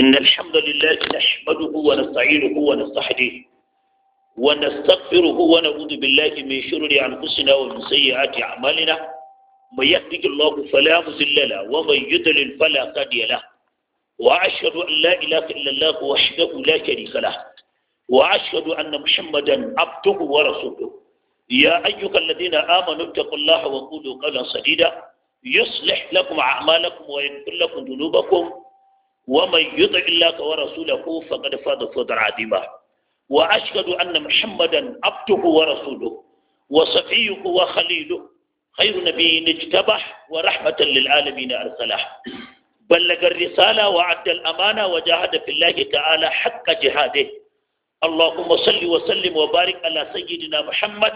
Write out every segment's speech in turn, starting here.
إن الحمد لله نحمده ونستعينه ونستحديه ونستغفره ونعوذ بالله من شرور أنفسنا ومن سيئات أعمالنا من يهده الله فلا مضل له ومن يضلل فلا هادي له وأشهد أن لا إله إلا الله وحده لا شريك له وأشهد أن محمدا عبده ورسوله يا أيها الذين آمنوا اتقوا الله وقولوا قولا سديدا يصلح لكم أعمالكم ويغفر لكم ذنوبكم ومن يطع الله ورسوله فقد فاز فوزا عظيما واشهد ان محمدا عبده ورسوله وصفيه وخليله خير نبي اجتبح ورحمه للعالمين ارسله بلغ الرساله وعد الامانه وجاهد في الله تعالى حق جهاده اللهم صل وسلم وبارك على سيدنا محمد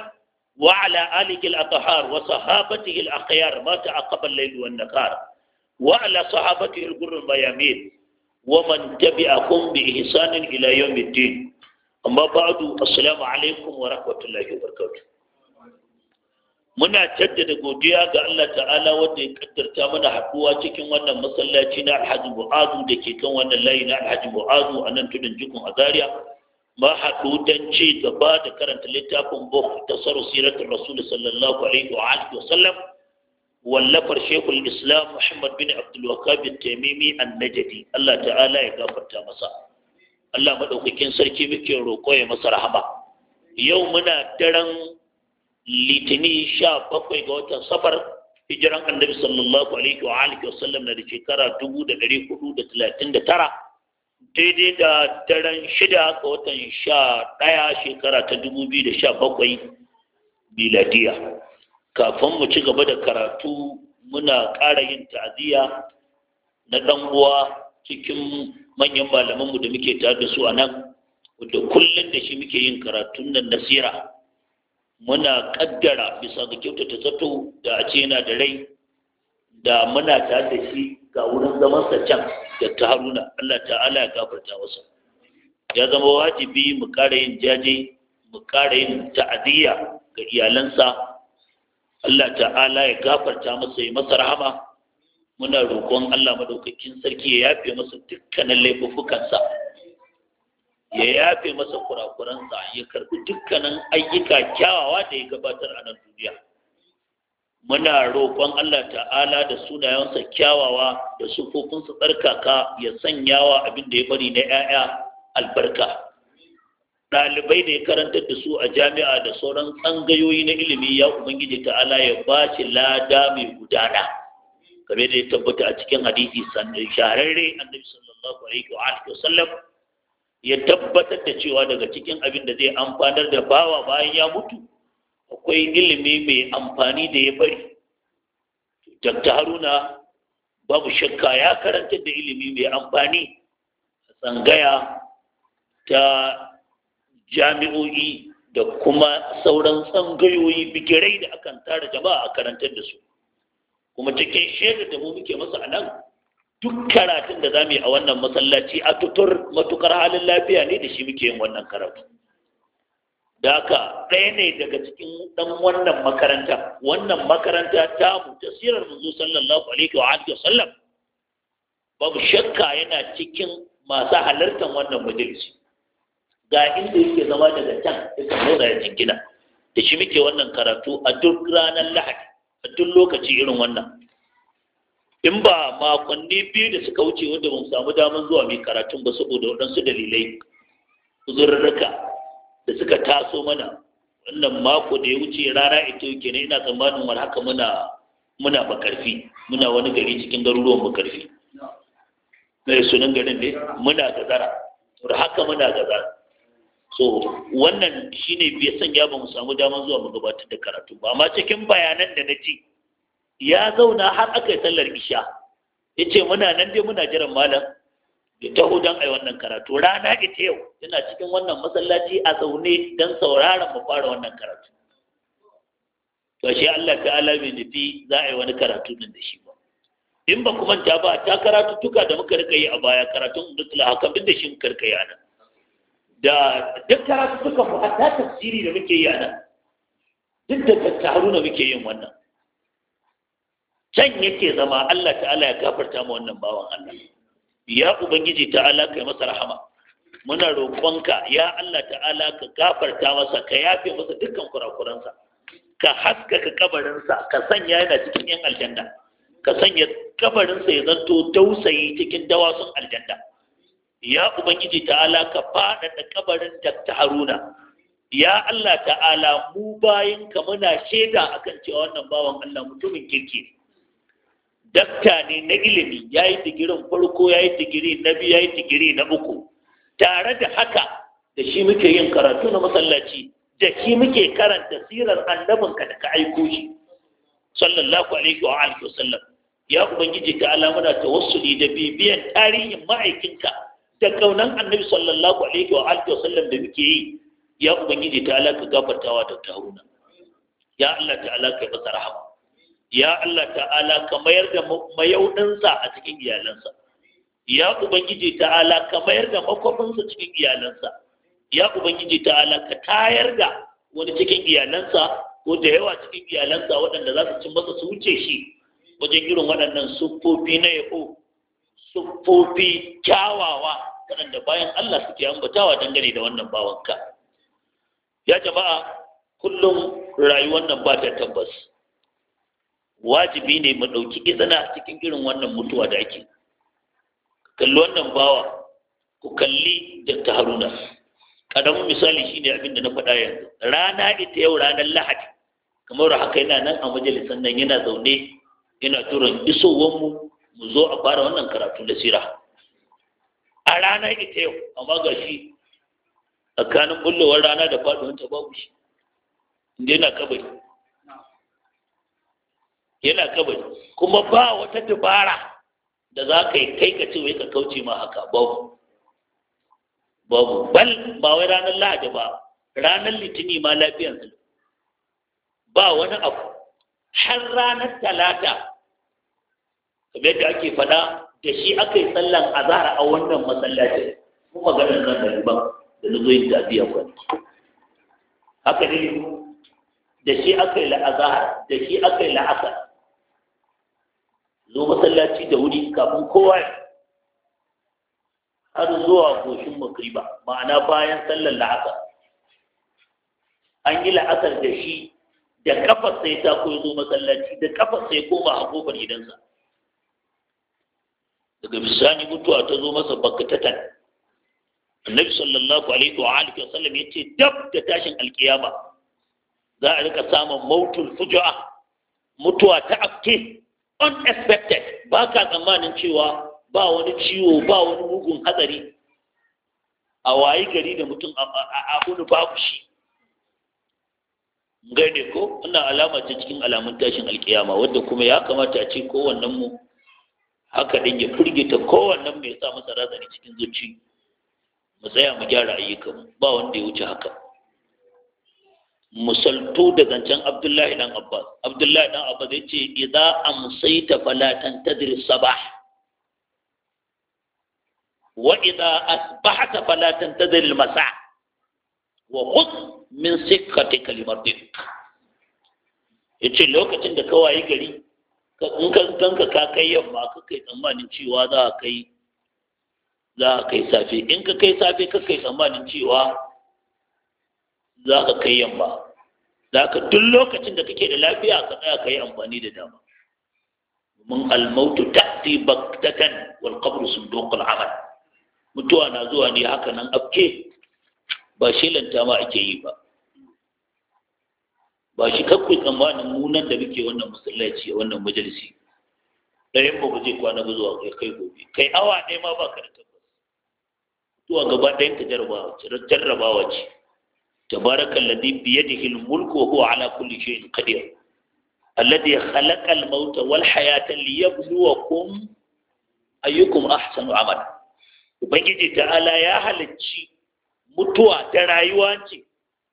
وعلى اله الاطهار وصحابته الاخيار ما تعقب الليل والنهار وعلى صحابته الغر الميامين wa man tabi'akum bi ihsanin ila yawmiddin amma ba'du assalamu alaikum wa rahmatullahi wa muna jaddada godiya ga Allah ta'ala wanda ya kaddarta mana haɗuwa cikin wannan masallaci na Alhaji bu'adu da ke kan wannan layi na Alhaji bu'adu a nan tudun jikun Azariya ma haɗu don ci gaba da karanta littafin Bok, tasarruf Rasul sallallahu alaihi wa alihi wa sallam wallafar shekul islam muhammad bin abdulwakab taimimi annajadi allah ta'ala ya gafarta masa allah maɗaukakin sarki muke roƙo ya masa rahama yau muna daren litini sha bakwai ga watan safar hijiran annabi sallallahu alaihi wa alihi sallam na da shekara dubu da ɗari hudu da talatin da tara daidai da daren shida ga watan sha ɗaya shekara ta dubu biyu da sha bakwai miladiya kafin mu ci gaba da karatu muna ƙara yin ta'aziyya na ɗan uwa cikin manyan malamanmu da muke tare da su a nan da kullum da shi muke yin karatun nan nasira muna ƙaddara bisa ga kyautata zato da a ce yana da rai da muna tare da shi ga wurin zamansa can da ta haruna allah ta'ala ya gafarta masa ya zama wajibi mu ƙara yin jaje mu ƙara yin ta'aziyya ga iyalansa Allah ta'ala ya gafarta masa ya masa rahama muna roƙon Allah madaukakin sarki ya yafe masa dukkanin laifuffukansa ya yafe masa kurakuransa ya karɓi dukkanin ayyuka kyawawa da ya gabatar a nan duniya muna roƙon Allah ta'ala da sunayensa kyawawa da sufofinsa tsarkaka ya sanya wa abin da ya bari na 'ya'ya albarka ɗalibai da ya karanta da su a jami'a da sauran tsangayoyi na ilimi ya ubangiji ta'ala ya ba shi lada mai gudana kamar da ya tabbata a cikin hadisi sannan shahararre annabi sallallahu alaihi wa alihi wasallam ya tabbatar da cewa daga cikin abin da zai amfanar da bawa bayan ya mutu akwai ilimi mai amfani da ya bari Dr. Haruna babu shakka ya karanta da ilimi mai amfani a tsangaya ta jami'o'i da kuma sauran tsangayoyi bigirai da akan tara jama'a a karantar da su kuma cikin shaidar da mu muke masa a nan duk karatun da za mu yi a wannan masallaci a tutur matukar halin lafiya ne da shi muke yin wannan karatu da haka ɗaya ne daga cikin ɗan wannan makaranta wannan makaranta ta mu tasirar manzo sallallahu alaihi wa alihi wasallam babu shakka yana cikin masu halartar wannan majalisi ga inda yake zama daga can yakan zauna ya jingina da shi muke wannan karatu a duk ranar lahadi a duk lokaci irin wannan in ba makonni biyu da suka wuce wanda mun samu damar zuwa mai karatun ba saboda waɗansu dalilai uzurruka da suka taso mana wannan mako da ya wuce rara ita yake ne ina tsammanin war haka muna muna bakarfi muna wani gari cikin garuruwan bakarfi mai sunan garin ne muna gazara war haka muna gazara so wannan shine bai ya ba mu samu damar zuwa mu gabatar da karatu ba amma cikin bayanan da na ci. ya zauna har aka yi sallar isha ya ce muna nan dai muna jiran malam ya taho don a yi wannan karatu rana ita yau yana cikin wannan masallaci a zaune don sauraron mu fara wannan karatu to shi Allah ta'ala bai nufi za a yi wani karatu din da shi ba in ba ku manta ba ta karatu tuka da muka rika yi a baya karatun da haka, duk da shi muka rika yi a nan da duk karatu suka fi hata tafsiri da muke yi a nan duk da tattaru na muke yin wannan can yake zama Allah ta'ala ya gafarta ma wannan bawan Allah ya ubangiji ta'ala kai masa rahama muna roƙonka ya Allah ta'ala ka gafarta masa ka yafe masa dukkan kurakuransa ka haskaka kabarinsa ka sanya yana cikin yan aljanna ka sanya kabarinsa ya zanto tausayi cikin dawasun aljanna ya ubangiji ta'ala ka faɗaɗa kabarin dakta haruna ya allah ta'ala mu bayan ka muna shaida akan cewa wannan bawan allah mutumin kirki dakta ne na ilimi ya yi digirin farko ya yi digiri na biyu ya yi digiri na uku tare da haka da shi muke yin karatu na masallaci da shi muke karanta sirar annabinka da ka aiko shi sallallahu alaihi wa alihi wasallam ya ubangiji ta ala muna tawassuli da bibiyan tarihin ma'aikinka da kaunan annabi sallallahu alaihi wa alihi wasallam da muke yi ya ubangiji ta alaka gafartawa da tahuna ya Allah ta alaka masa rahama ya Allah ta alaka mayar da mayaudinsa a cikin iyalansa ya ubangiji ta alaka mayar da makwafinsa cikin iyalansa ya ubangiji ta alaka tayar da wani cikin iyalansa ko da yawa cikin iyalansa waɗanda za su ci masa su wuce shi wajen irin waɗannan siffofi na yabo siffofi kyawawa waɗanda bayan Allah suke ambatawa dangane da wannan bawanka ya jama'a kullum rayuwar nan ba ta tabbas wajibi ne mu ɗauki izina cikin irin wannan mutuwa da ake kalli wannan bawa ku kalli da ta haruna ƙaramin misali shine abin da na faɗa yanzu rana ita yau ranar lahadi kamar haka yana nan a majalisar nan yana zaune yana turan isowanmu mu zo a fara wannan karatu da sira a ranar ita yau amma ga shi tsakanin bullowar rana da ta babu shi inda yana kabari yana kabari kuma ba wata dubara da za ka yi kai ka ce wai ka kauce ma haka babu babu bal ba wai ranar lahadi ba ranar litini ma lafiyan su ba wani abu har ranar talata kamar yadda ake faɗa da shi aka yi sallan zara a wannan masallacin kuma maganar kan da ba da na zo yin tafiya kwanci haka ne da shi aka yi la'azahar da shi aka yi la'asar zo masallaci da wuri kafin kowa har zuwa goshin makriba ma'ana bayan sallar la'asar an yi la'asar da shi da kafar sai ta koyi zo masallaci da kafar sai koma a kofar gidansa daga bisani mutuwa ta zo masa bakatatan annabi sallallahu alaihi wa alihi wa sallam yace dab da tashin alkiyama za a rika samun mautul fujua mutuwa ta afke unexpected ba ka tsammanin cewa ba wani ciwo ba wani mugun hatsari a wayi gari da mutum a ba babu shi gane ko wannan alama ta cikin alamun tashin alkiyama wanda kuma ya kamata a ce kowannen mu haka din ya furgita kowannen mai sa masa razani cikin zuci mu tsaya mu gyara ayyukan ba wanda ya wuce haka musaltu da zancen abdullahi dan abbas abdullahi dan abbas ya ce idza amsayta fala tantadri sabah wa idza asbahta fala tantadri masa wa khudh min sikkati kalimatik yace lokacin da kawai gari in ka kanka ka kai yamma ka kai tsammanin cewa za a kai za a kai safe in ka kai safe ka kai tsammanin cewa za ka kai yamma za ka duk lokacin da kake da lafiya ka tsaya ka yi amfani da dama domin almautu ti baktatan wal qabru sunduqul amal mutuwa na zuwa ne haka nan afke ba shelanta ma ake yi ba ba shi kakkun tsammanin munan da muke wannan musallaci a wannan majalisi ɗayan ba zai kwana ba zuwa kai kai gobe kai awa ɗaya ma ba ka da tabbas zuwa gaba ɗayan ta jarrabawa ce tabarakan ladi biye da mulku wa huwa ala kulli shayin qadir alladhi khalaqa al-mauta wal hayata liyabluwakum ayyukum ahsanu amal ubangiji ta'ala ya halicci mutuwa ta rayuwa ce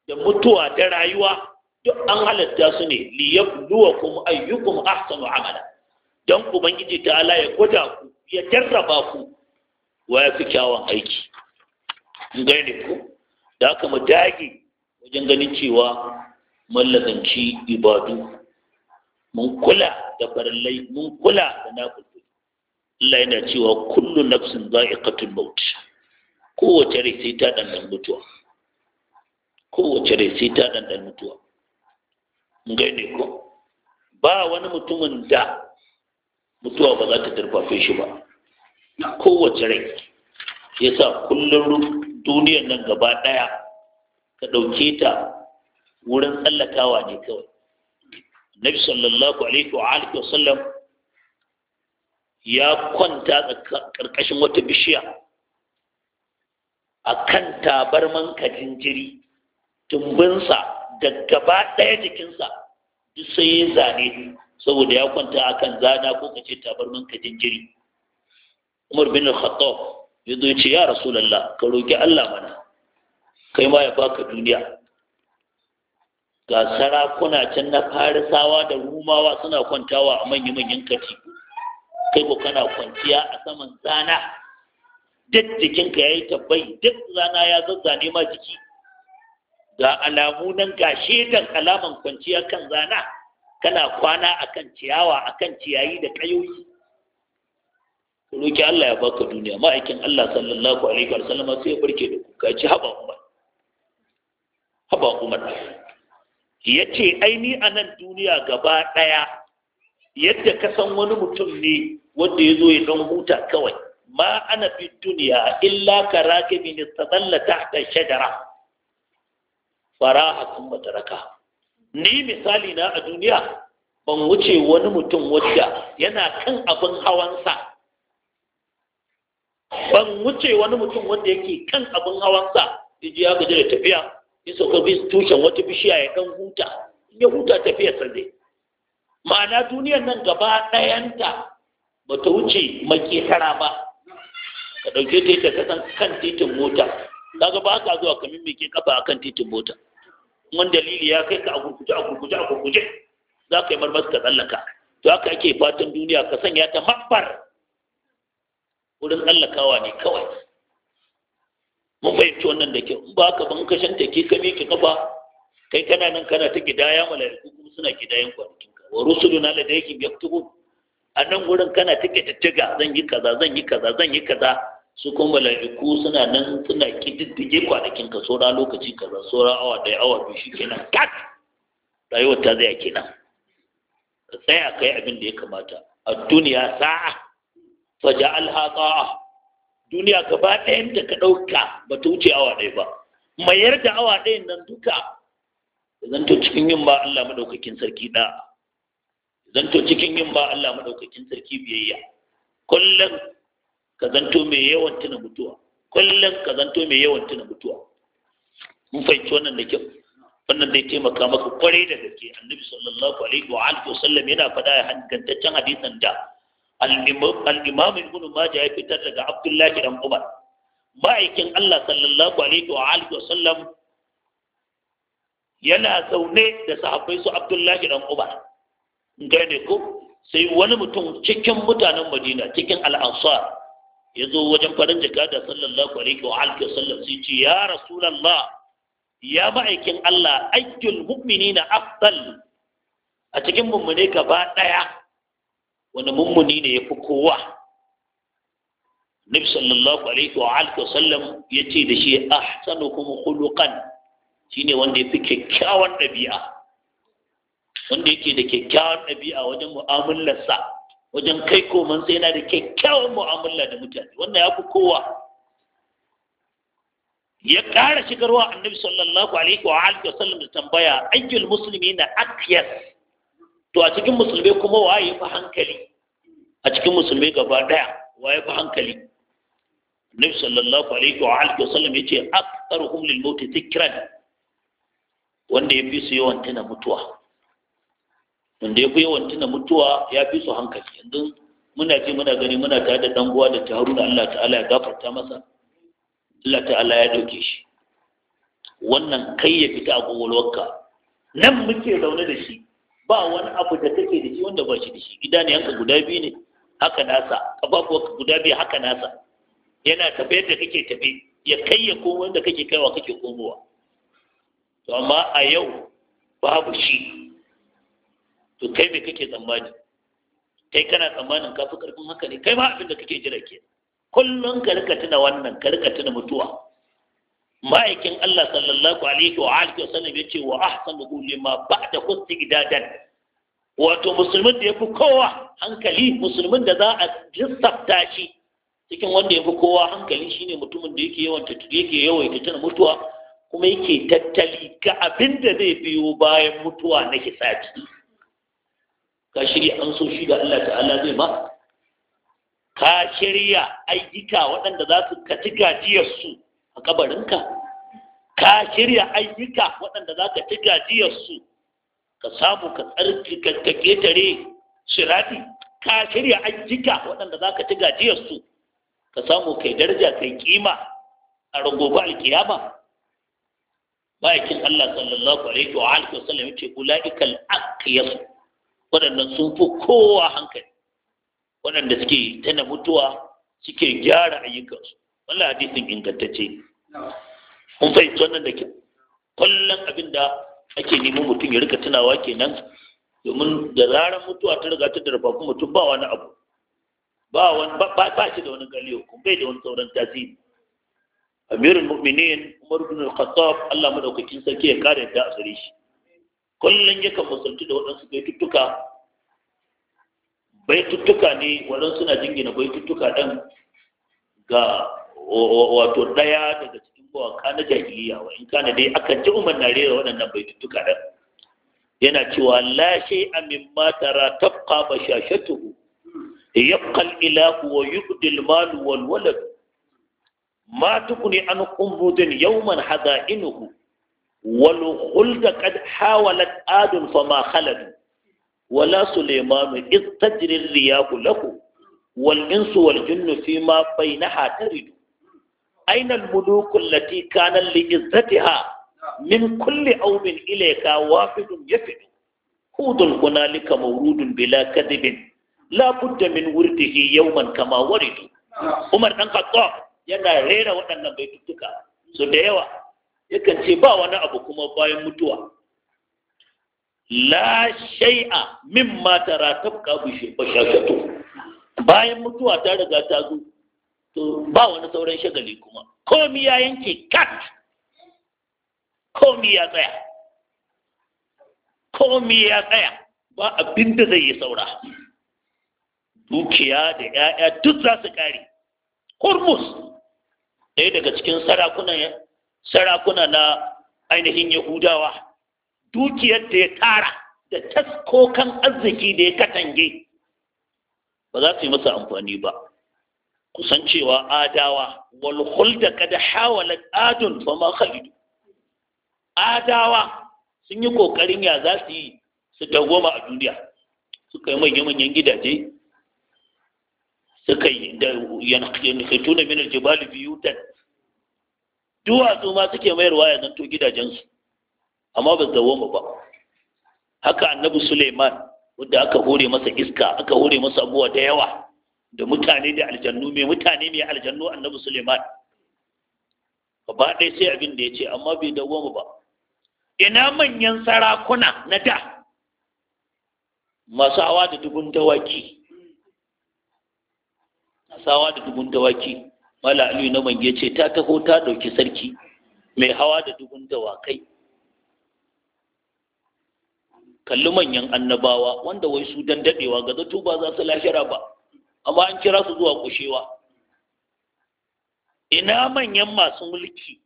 da mutuwa ta rayuwa duk an halatta su ne kuma ayyukum ahsanu amala dan ubangiji Ala ya gwada ku ya jarraba ku wa ya fi kyawun aiki gane ku da aka mu dage wajen ganin cewa mallakanci ibadu mun kula da farallai mun kula da naƙudu Allah yana cewa kullu nafsin za'iqatul maut kowace rai sai ta dandan mutuwa kowace rai sai ta dandan mutuwa gani ko ba wani mutumin da mutuwa ba za ta tarfafe shi ba kowace rai yasa kullum duniyar nan gaba ɗaya ka ɗauke ta wurin tsallakawa ne kawai nabi sallallahu alaihi wa alihi wa sallam ya kwanta ƙarƙashin wata bishiya a kan tabarman kajin jiri tumbinsa da gaba ɗaya jikinsa duk sai ya zane saboda ya kwanta a kan zana ko kace tabarmin ka jinjiri Umar bin Al-Khattab ya zo ce ya Rasulullah ka roki Allah mana kai ma ya baka duniya ga sarakuna can na farisawa da rumawa suna kwantawa a manya-manyan kati. kai ko kana kwanciya a saman zana duk jikinka ya yi tabbai duk zana ya zazzane ma jiki ga alamu nan ga shedan alaman kwanciya kan zana kana kwana akan ciyawa akan ciyayi da ƙayoyi roki Allah ya baka duniya ma'aikin Allah sallallahu alaihi wa sallama sai ya barke da kuka ci haba umar haba umar ya ce aini a nan duniya gaba ɗaya yadda ka san wani mutum ne wanda ya zo ya ɗan huta kawai ma ana fi duniya illa ka rake min tsadalla ta shajara kan mataraka ni misali na a duniya ban wuce wani mutum wadda yana kan abin hawansa ban wuce wani mutum wanda yake kan abin hawansa ji ya gaji da tafiya ya sauka bi tushen wata bishiya ya kan huta ya huta tafiya sa ma'ana duniyar nan gaba ɗayanta ba ta wuce maketara ba ka ɗauke ta yadda ka san kan titin mota kaga ba ka zuwa kamin mai ke kafa kan titin mota mun dalili ya kai ka a gurguje a gurguje a gurguje za ka yi marmas ka tsallaka to haka ake fatan duniya ka sanya ta mabbar wurin tsallakawa ne kawai mun fahimci wannan da kyau ba ka ban kashin ke ka ki kafa kai kana nan kana ta gidaya mala'iku kuma suna gidayen kwanakin ka wa rusuluna ladayhim yaktubun a nan wurin kana ta tattaga zan yi kaza zan yi kaza zan yi kaza su kuma mala'iku suna nan suna kididdige kwanakin ka saura lokaci ka zan saura awa ɗaya awa biyu shi kenan kat rayuwar ta zai kenan tsaya ka yi abin da ya kamata a duniya sa'a faja alhaka. duniya gaba ɗayan da ka ɗauka ba ta wuce awa ɗaya ba mayar da awa ɗayan nan duka zanto cikin yin ba Allah maɗaukakin sarki da zanto cikin yin ba Allah maɗaukakin sarki biyayya kullum ka zanto mai yawan tuna mutuwa kullum ka zanto mai yawan tuna mutuwa mun fahimci wannan da kyau wannan zai taimaka maka kwarai da gaske annabi sallallahu alaihi wa alihi wasallam yana faɗa a hankantaccen hadisan da al-imam ibn majah ya fitar daga abdullahi dan umar ma'aikin Allah sallallahu alaihi wa alihi wasallam yana zaune da sahabbai su abdullahi dan umar gane ko sai wani mutum cikin mutanen madina cikin al-ansar ya zo wajen farin jakada sallallahu alaihi wa alihi sallam sai ce ya rasulullah ya ma'aikin Allah ayyul mu'minina afdal a cikin mummune gaba daya wani mummuni ne yafi kowa nabi sallallahu alaihi wa alihi sallam ya ce da shi ahsanukum khuluqan shine wanda yafi kyakkyawan dabi'a wanda yake da kyakkyawan dabi'a wajen mu'amalarsa wajen kai koman sai yana da kyakkyawan mu'amala da mutane wannan ya fi kowa ya ƙara shigarwa annabi sallallahu alaihi wa alihi wa sallam da tambaya ayyul muslimi na akyas to a cikin musulmai kuma waye ya fi hankali a cikin musulmai gaba daya waye ya fi hankali annabi sallallahu alaihi wa alihi wa sallam yace aktharuhum lil maut dhikran wanda ya fi su yawan tana mutuwa wanda ya fi yawan tuna mutuwa ya fi su hankali yanzu muna ce muna gani muna tare da danguwa da ta haruna Allah ta'ala ya gafarta masa Allah ta'ala ya ɗauke shi wannan kai ya fita a kowalwarka nan muke zaune da shi ba wani abu da kake da shi wanda ba shi da shi gida ne yanka guda biyu ne haka nasa kafafuwarka guda biyu haka nasa yana tafe da kake tafe ya kai ya komo wanda kake kaiwa kake komowa to amma a yau babu shi to kai me kake tsammani kai kana tsammanin kafin karfin haka ne kai ma abin da kake jira ke kullum ka rika tuna wannan ka rika tuna mutuwa ma'aikin Allah sallallahu alaihi wa alihi wasallam ya ce wa ahsanu lima ba'da husti idadan wato musulmin da yafi kowa hankali musulmin da za a lissafta shi cikin wanda yafi kowa hankali shine mutumin da yake yawan yake yawaita tana mutuwa kuma yake tattali ga abin da zai biyo bayan mutuwa na hisabi ka shirya an so shi da Allah ta'ala zai ba ka shirya ayyuka waɗanda za su kaci gajiyar gajiyarsu a kabarinka ka shirya ayyuka waɗanda za ka ci gajiyarsu ka samu ka tsarki ka ketare shirati ka shirya ayyuka waɗanda za ka ci gajiyarsu ka samu kai daraja kai kima a rungobar alkiyama ma'aikin Allah sallallahu alaihi wa alihi wasallam yace ulaikal aqyas waɗannan sun fi kowa hankali waɗanda suke tana mutuwa suke gyara ayyukansu wannan hadisin ingantacce kun fahimci wannan da ke kullum abin da ake neman mutum ya rika tunawa kenan domin da zarar mutuwa ta riga ta darba kuma mutum ba wani abu ba wani ba shi da wani galiyo kun bai da wani sauran tasiri amirul mu'minin umar bin al-khattab Allah madaukakin sarki ya kare da asiri shi kullum kan musulci da waɗansu baituttuka baituttuka ne waɗansu na jingina baituttuka ɗan ga wato ɗaya daga cikin gawaka na jahiliya wa in kana dai aka ji umar na rera waɗannan baituttuka ɗan yana cewa la shay'a mimma tara tabqa tuhu. yabqa al-ilahu wa yubdi al wal walad ma tukuni an qumbudin yawman hada'inuhu wal khulda qad hawalat adun fama khaladu wala sulaymanu iz tajri riyaku lahu wal insu wal jinnu fi ma bainaha taridu aina al muluku allati kana li izzatiha min kulli awmin ilayka wafidun yafidu hudun hunalika mawrudun bila kadibin la budda min wurdihi yawman kama waridu umar ɗan khattab ya rera waɗannan baitutuka su da yawa yakan ce ba wani abu kuma bayan mutuwa la shay'a mimma tara tabqa bi shashatu bayan mutuwa ta riga ta zo to ba wani sauran shagali kuma komi ya yanke kat komi ya tsaya komi ya tsaya ba abinda zai yi saura dukiya da 'ya'ya duk za su kare hormuz ɗaya daga cikin sarakunan sarakuna na ainihin yahudawa dukiyar da ya tara da taskokan arziki da ya katange ba za su yi masa amfani ba kusan cewa adawa walhul da kada hawalat adun ba khalidu adawa sun yi kokarin ya za su yi su dawoma a duniya suka yi manya-manyan gidaje suka yi da yankituna min biyu biyutan duwatsu ma suke mayarwa ya zanto gidajensu amma ba zawo mu ba haka annabi suleiman wanda aka hore masa iska aka hore masa abuwa da yawa da mutane da aljannu mai mutane mai aljannu annabi suleiman ba ɗaya sai abin da ya ce amma bai dawo mu ba ina manyan sarakuna na da masu hawa da dubun dawaki masu hawa da dubun dawaki mala aliyu na mange ce ta taho ta ɗauki sarki mai hawa da dubun dawakai kalli manyan annabawa wanda wai su dan daɗewa ga zato ba za su lahira ba amma an kira su zuwa kushewa ina manyan masu mulki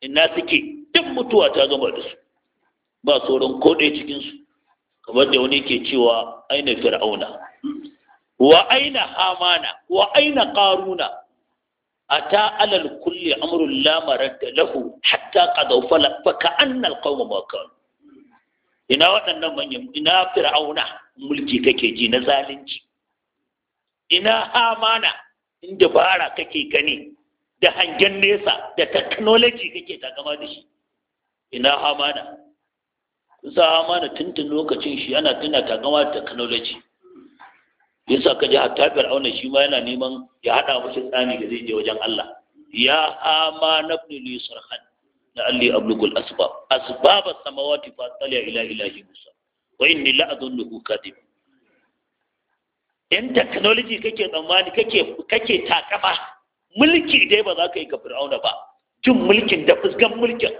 ina suke duk mutuwa ta gama da su ba sauran ko ɗaya cikinsu kamar da wani ke cewa aina fir'auna wa aina hamana wa aina ƙaruna ata alal kulli amrun la maradda lahu hatta qadaw fala fa ka'anna alqawma ma kan ina waɗannan manyan ina fir'auna mulki kake ji na zalunci ina hamana inda bara kake gani da hangen nesa da technology kake gama da shi ina hamana za hamana tuntun lokacin shi ana tuna gama da technology yasa ka ji hatta fir'auna shi ma yana neman ya hada musu tsani da zai je wajen Allah ya ama nabni li sarhan la alli ablugul asbab asbab as-samawati fa tali ila ilahi musa wa inni la adunnuhu kadib in technology kake tsammani kake kake takama mulki dai ba za ka yi ga fir'auna ba jin mulkin da fuskan mulkin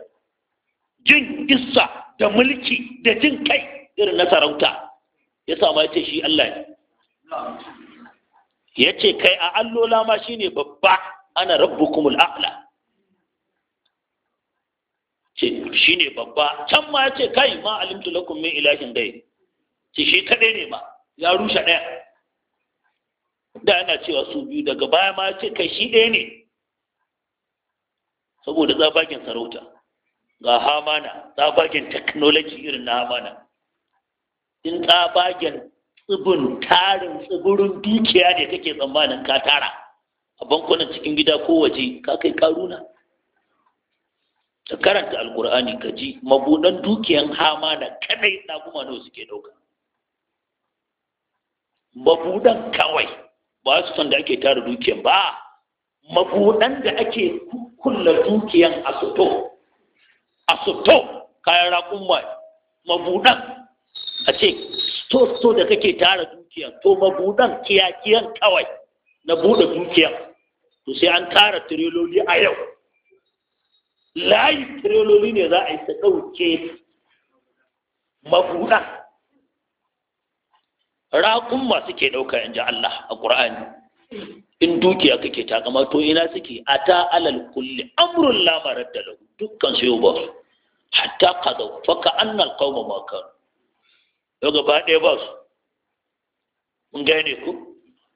jin isa da mulki da jin kai irin na sarauta ya sama ya shi Allah ne ya ce kai a allola ma shine babba ana rabu kuma a'la shi ne babba can ma ya ce kai ma alimtu lakum min ilahin dai, ce shi kaɗai ne ma ya rushe ɗaya da yana cewa su biyu daga baya ma ya ce kai shi ɗaya ne saboda tsabagen sarauta ga hamana tsabagen teknoloji irin na hamana in tsabagen tsibin tarin tsibirin dukiya ne take tsammanin ka tara a bankunan cikin gida ko waje ka kai karuna ka karanta alkur'ani ka ji mabudan dukiyan hama na kadai ɗaguma nawa suke ɗauka mabudan kawai ba su san da ake tara dukiyan ba mabudan da ake kulla dukiyan a soto a soto kayan raƙumma mabudan a ce so so da kake tara dukiya to mabudan kiyakiyan kawai na buɗe dukiya to sai an tara tireloli a yau layi tireloli ne za a yi ta ɗauke mabudan raƙun masu ke ɗauka yanzu Allah a ƙur'ani in dukiya kake kama to ina suke a ta alal kulli amrun lamarar da lagu dukkan su yau ba hatta ka fa ka annal kawo ma yau gaba ɗaya ba su mun gane ku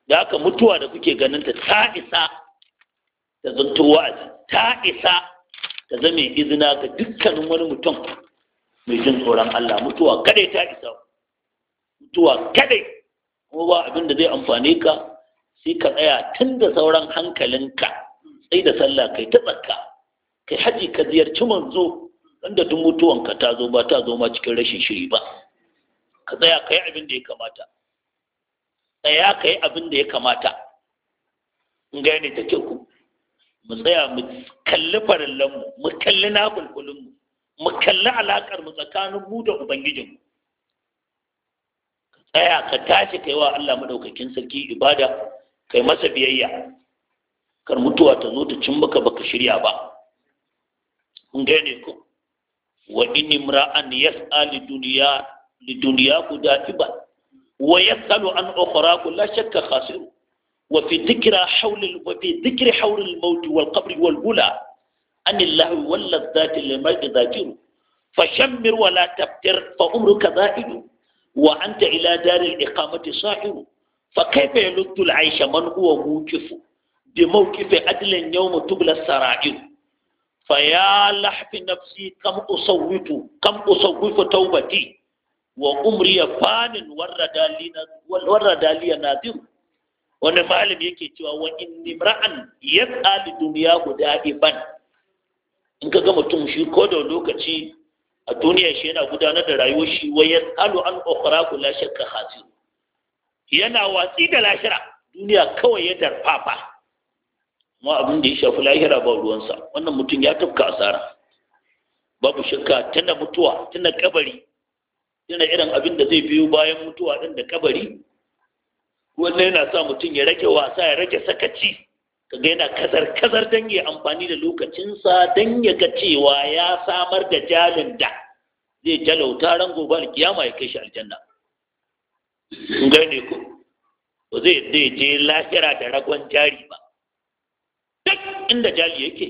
da haka mutuwa da kuke ganin ta ta isa ta zanto wa'azi ta isa ta zame izina ga dukkanin wani mutum mai jin tsoron Allah mutuwa kadai ta isa mutuwa kadai kuma ba abin da zai amfani ka sai ka tsaya tun da sauran hankalinka sai da sallah kai ta tsakka kai haji ka ziyarci manzo wanda tun mutuwanka ta zo ba ta zo ma cikin rashin shiri ba ka tsaya ka yi abin da ya kamata tsaya ka yi abin da ya kamata in gane ta ku? mu tsaya mu kalli farillanmu mu kalli na bulbulinmu mu kalli alaƙar mu tsakanin mu da ubangijinmu tsaya ka tashi ka yi wa Allah madaukakin sarki ibada kai masa biyayya kar mutuwa ta zo ta cin maka baka shirya ba mun gane ku? wa inni imra'an ya li duniya. لدنياك داتبا ويسأل عن أخراك لا شك خاسر وفي ذكر حول وفي ذكر حول الموت والقبر والبلى أن الله الذات لما ذاكر فشمر ولا تبتر فأمرك ذائل وأنت إلى دار الإقامة صاحب فكيف يلد العيش من هو موقف بموقف عدل يوم تبلى السرائر فيا لحف نفسي كم أصوت كم أصوف توبتي wa ya fanin warrada na biyu. wani malam yake cewa wa inni ya tsali duniya guda iban in ka gama mutum shi ko da lokaci a duniya shi yana gudanar da rayuwar shi wa yas'alu an ku lashe ka yana watsi da lahira duniya kawai ya darfafa Kuma abin da ya shafi lahira ba ruwansa wannan mutum ya tafka asara babu shakka tana mutuwa tana kabari yana irin abin da zai biyo bayan mutuwa ɗin da kabari wannan yana sa mutum ya rage wasa ya rage sakaci kaga yana kazar kazar don ya amfani da lokacinsa don ya ga cewa ya samar da jalin da zai jalauta ran gobe alkiyama ya kai shi aljanna ba zai zai je lahira da ragon jari ba duk inda jali yake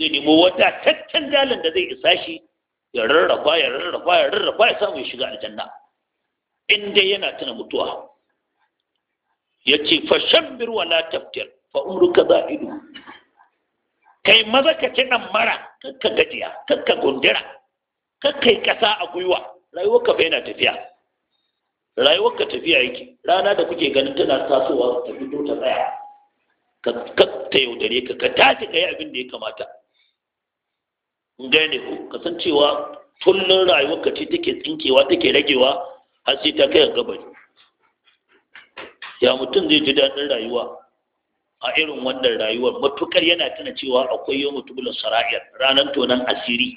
zai nemo wata tattan jalin da zai isa shi ya rarrafa ya rarrafa ya rarrafa ya samu ya shiga aljanna in dai yana tana mutuwa ya ce fashabbir wa la taftir fa ka za'idu kai maza ka ci dan mara kakka gajiya kakka gundira kakka kasa a gwiwa rayuwar ka yana tafiya rayuwar ka tafiya yake rana da kuke ganin tana tasowa ta fito ta tsaya ka ta yaudare ka ka tashi ka yi abin da ya kamata gane ko kasancewa rayuwar rayuwarka ce take tsinkewa take ragewa har sai ta kai gabari ya mutum zai ji daɗin rayuwa a irin wannan rayuwar matukar yana tana cewa akwai yau mutubulan sara'ir ranar tonan asiri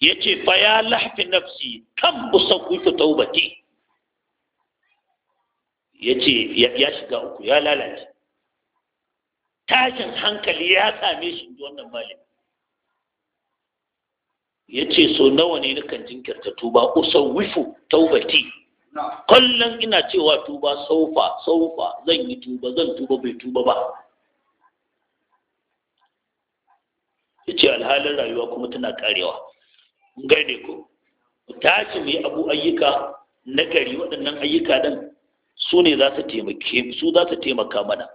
ya ce fa ya lahfi nafsi kan busa kufu taubati ya ce ya shiga uku ya lalace tashin hankali ya same shi wannan malami ya ce so nawa ne na kantin jinkirta tuba wifu taubati Kallon ina cewa tuba saufa saufa zan yi tuba zan tuba bai tuba ba ya ce alhalin rayuwa kuma tana karewa gane ko ta mu mai abu ayyuka na gari waɗannan ayyuka don su ne za su taimaka mana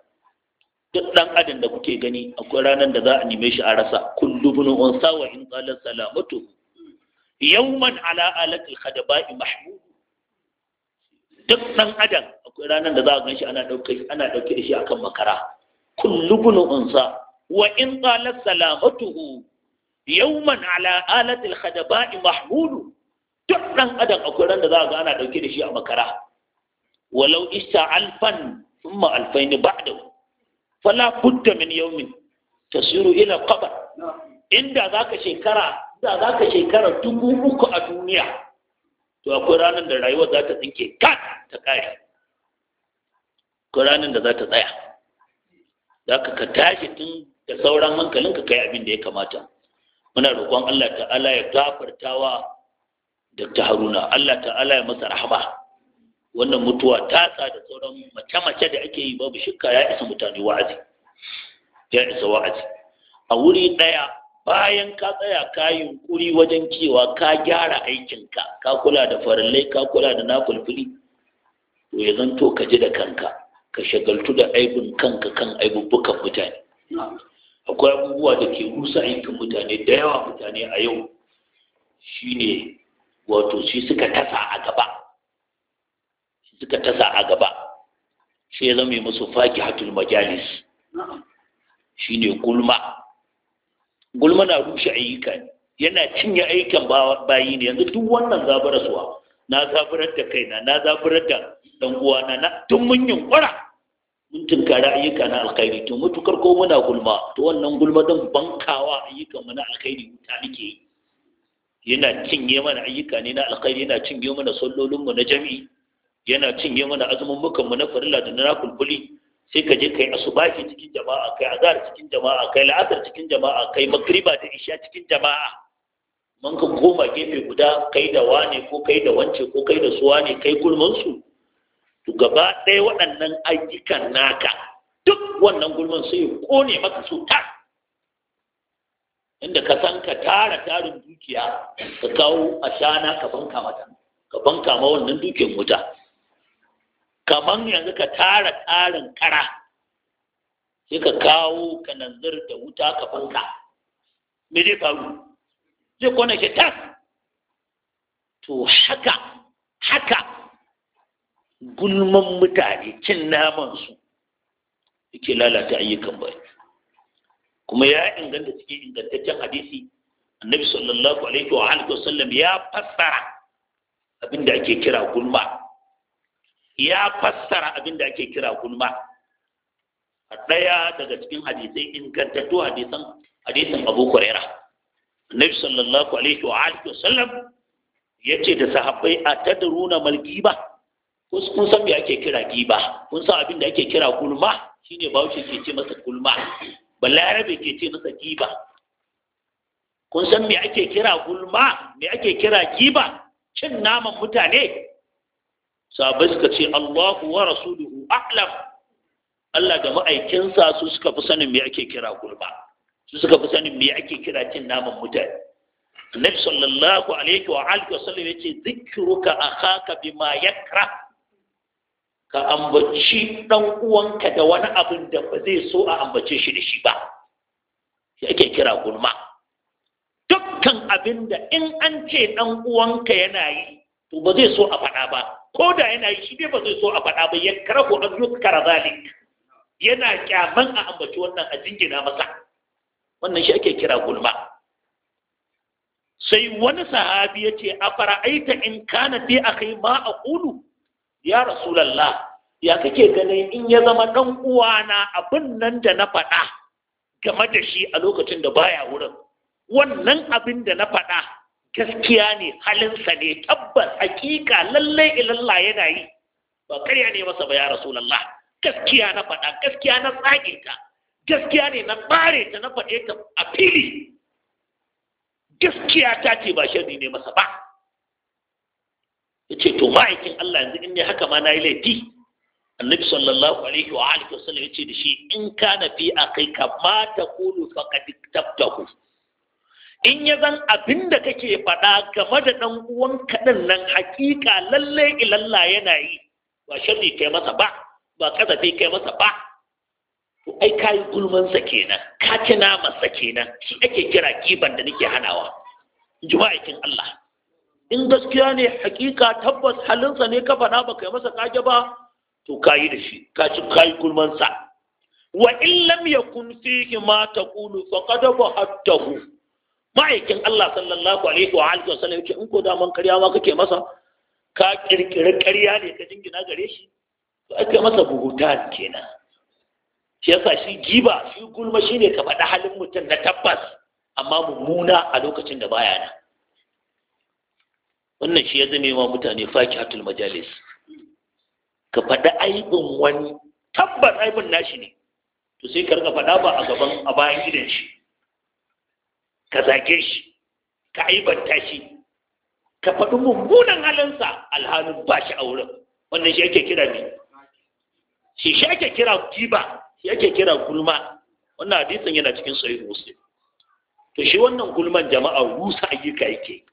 duk dan adam da kuke gani akwai ranar da za a neme shi a rasa kullu bunun unsa wa in qalat salamatu yawman ala alati khadba'i mahmud duk dan adam akwai ranar da za a gan shi ana dauke ana dauke da shi akan makara kullu bunun unsa wa in qalat salamatuhu yawman ala alati khadba'i mahmud duk dan adam akwai ranar da za a ga ana dauke da shi a makara walau isha alfan thumma alfain ba'dahu fala budda min yawmin tasiru ila qabr inda zaka shekara da zaka shekara dubu uku a duniya to akwai ranar da rayuwar za ta tsinke kat ta kare akwai ranar da za ta tsaya za ka ka tashi tun da sauran hankalinka kai abin da ya kamata muna roƙon Allah ta'ala ya wa Dr. Haruna Allah ta'ala ya masa rahama wannan mutuwa tatsa da sauran mace-mace da ake yi babu shakka ya isa mutane wa'azi ya isa wa'azi a wuri ɗaya bayan ka tsaya ka yunkuri wajen cewa ka gyara aikinka ka kula da farallai ka kula da nakulfili to ya zanto ka ji da kanka ka shagaltu da aibin kanka kan aibubbukan mutane akwai abubuwa da ke rusa aikin mutane da yawa mutane a yau shine wato shi suka tasa a gaba suka tasa a gaba sai ya zama musu faki hatul majalis Shi ne gulma gulma na rushe ayyuka ne yana cinye aikin bayi ne yanzu duk wannan suwa na zaburar da kaina na zaburar da dan uwana na tun mun yin ƙwara. mun tunkari ayyuka na alkhairi to mutukar ko muna gulma to wannan gulma don bankawa ayyukan mu na alkhairi wuta nake yi yana cinye mana ayyuka ne na alkhairi yana cinye mana sallolin mu na jami'i yana cinye mana azumin mukan mu na farilla da na kulkuli sai ka je kai asubahi cikin jama'a kai azhar cikin jama'a kai la'asar cikin jama'a kai magriba da isha cikin jama'a man ka koma gefe guda kai da wane ko kai da wance ko kai da suwa ne kai gulman su to gaba ɗaya waɗannan ayyukan naka duk wannan gulman sai ya kone maka su ta inda ka san ka tara tarin dukiya ka kawo shana ka banka mata ka banka ma wannan dukiyar wuta kaman yanzu ka tara tsarin kara sai ka kawo kananzir da wuta ka fanka me zai faru zai kone shi tas to haka haka gulman mutane cin namansu yake lalata ayyukan bai kuma ya inganta cikin ingantaccen hadisi annabi sallallahu alaihi wa sallam ya fassara abinda ake kira gulma ya fassara abin da ake kira gulma a ɗaya daga cikin hadisai ingantattu hadisan hadisan abu kurera annabi sallallahu alaihi wa alihi wasallam ya ce da sahabbai a tadruna mal giba kun san me ake kira giba kun san abin da ake kira gulma shine bahaushe ke ce masa gulma balarabe ke ce masa giba kun san me ake kira gulma me ake kira giba cin naman mutane sahabbai suka ce Allahu wa rasuluhu a'lam Allah da ma'aikinsa su suka fi sanin me ake kira gulma su suka fi sanin me ake kira cin naman mutane Annabi sallallahu alaihi wa alihi wa sallam yace zikruka akhaka bima yakra ka ambaci dan uwanka da wani abin da ba zai so a ambace shi da shi ba shi ake kira gulma dukkan abin da in an ce dan uwanka yana yi to ba zai so a faɗa ba ko da yana yi shi ne ba zai so a faɗa ba ya karahu an yana kyaman a ambaci wannan a jingina masa wannan shi ake kira gulma sai wani sahabi ya ce a fara'aita in kana fi kai ma a kulu ya lalla. ya kake ganin in ya zama ɗan uwana abin nan da na faɗa game da shi a lokacin da baya wurin wannan abin da na faɗa gaskiya ne halinsa ne tabbas hakika lallai ilallah yana yi ba karya ne masa ba ya rasulallah gaskiya na faɗa gaskiya na tsage ta gaskiya ne na ɓare ta na faɗe ta a fili gaskiya ta ce ba sharri ne masa ba yace ce to ma'aikin Allah yanzu in ne haka ma na yi laifi annabi sallallahu alaihi wa alihi wasallam ya ce da shi in kana fi a kai ka ma ta kulu faqad in ya zan abin da kake faɗa game da ɗan uwan kaɗan nan hakika lalle ilalla yana yi ba sharri kai masa ba ba kasafi kai masa ba to ai ka yi sa kenan ka ci namansa kenan shi ake kira giban da nake hanawa in ji ma'aikin Allah in gaskiya ne hakika tabbas halinsa ne ka faɗa ba kai masa kage ba to ka yi da shi ka ci ka yi sa. wa in yakun fihi ma taqulu faqad bahattahu ma'aikin Allah sallallahu alaihi wa alihi wasallam yake in ko da man kariya ma kake masa ka kirkiri ƙarya ne ka jingina gare shi to aka masa buhuta kenan shi yasa shi giba shi gulma shine ka faɗi halin mutum na tabbas amma mummuna a lokacin da baya na wannan shi ya zame wa mutane fakihatul majalis ka faɗi aibin wani tabbas aibin nashi ne to sai ka rika faɗa ba a gaban a bayan gidan shi ka zage shi ka aibanta shi ka faɗi mummunan halinsa alhalin ba shi a wurin wannan shi yake kira ne shi shi yake kira kiba shi yake kira gulma wannan hadisin yana cikin sahih muslim to shi wannan gulman jama'a rusa ayyuka yake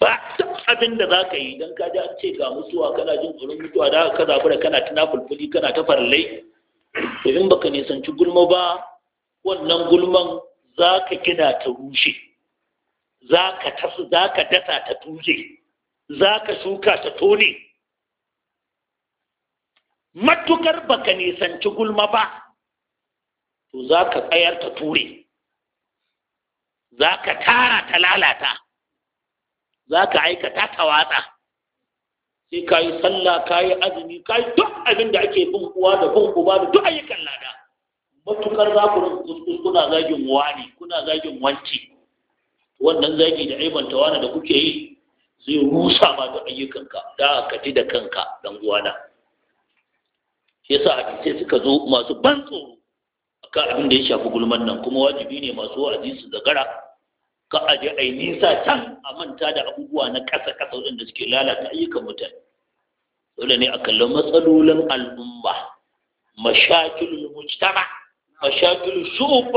ba duk abin da za ka yi don ka ji an ce ga mutuwa kana jin tsoron mutuwa da ka zaɓi da kana tuna fulfuli kana ta farlai in baka nisanci gulma ba wannan gulman za ka gina ta rushe za ka dasa ta tuje za ka shuka ta tone matukar baka nisanci gulma ba to za ka tsayar ta ture za ka tara ta lalata za ka aikata ta watsa sai ka yi sallah ka yi azumi ka yi duk abin da ake bin uwa da bin uba da duk ayyukan lada matukar za ku kuna zagin wani kuna zagin wanci wannan zagi da aibanta wani da kuke yi zai rusa ma da ayyukanka da ka da kanka dan uwana shi yasa cikin suka zo masu ban tsoro akan abin da ya shafi gulman nan kuma wajibi ne masu wa'azi su zagara ka a je ai nisa can a manta da abubuwa na ƙasa kasa wadanda suke lalata ayyukan mutane dole ne a kallon matsalolin al'umma mashakilul mujtama mashakilu shu'ub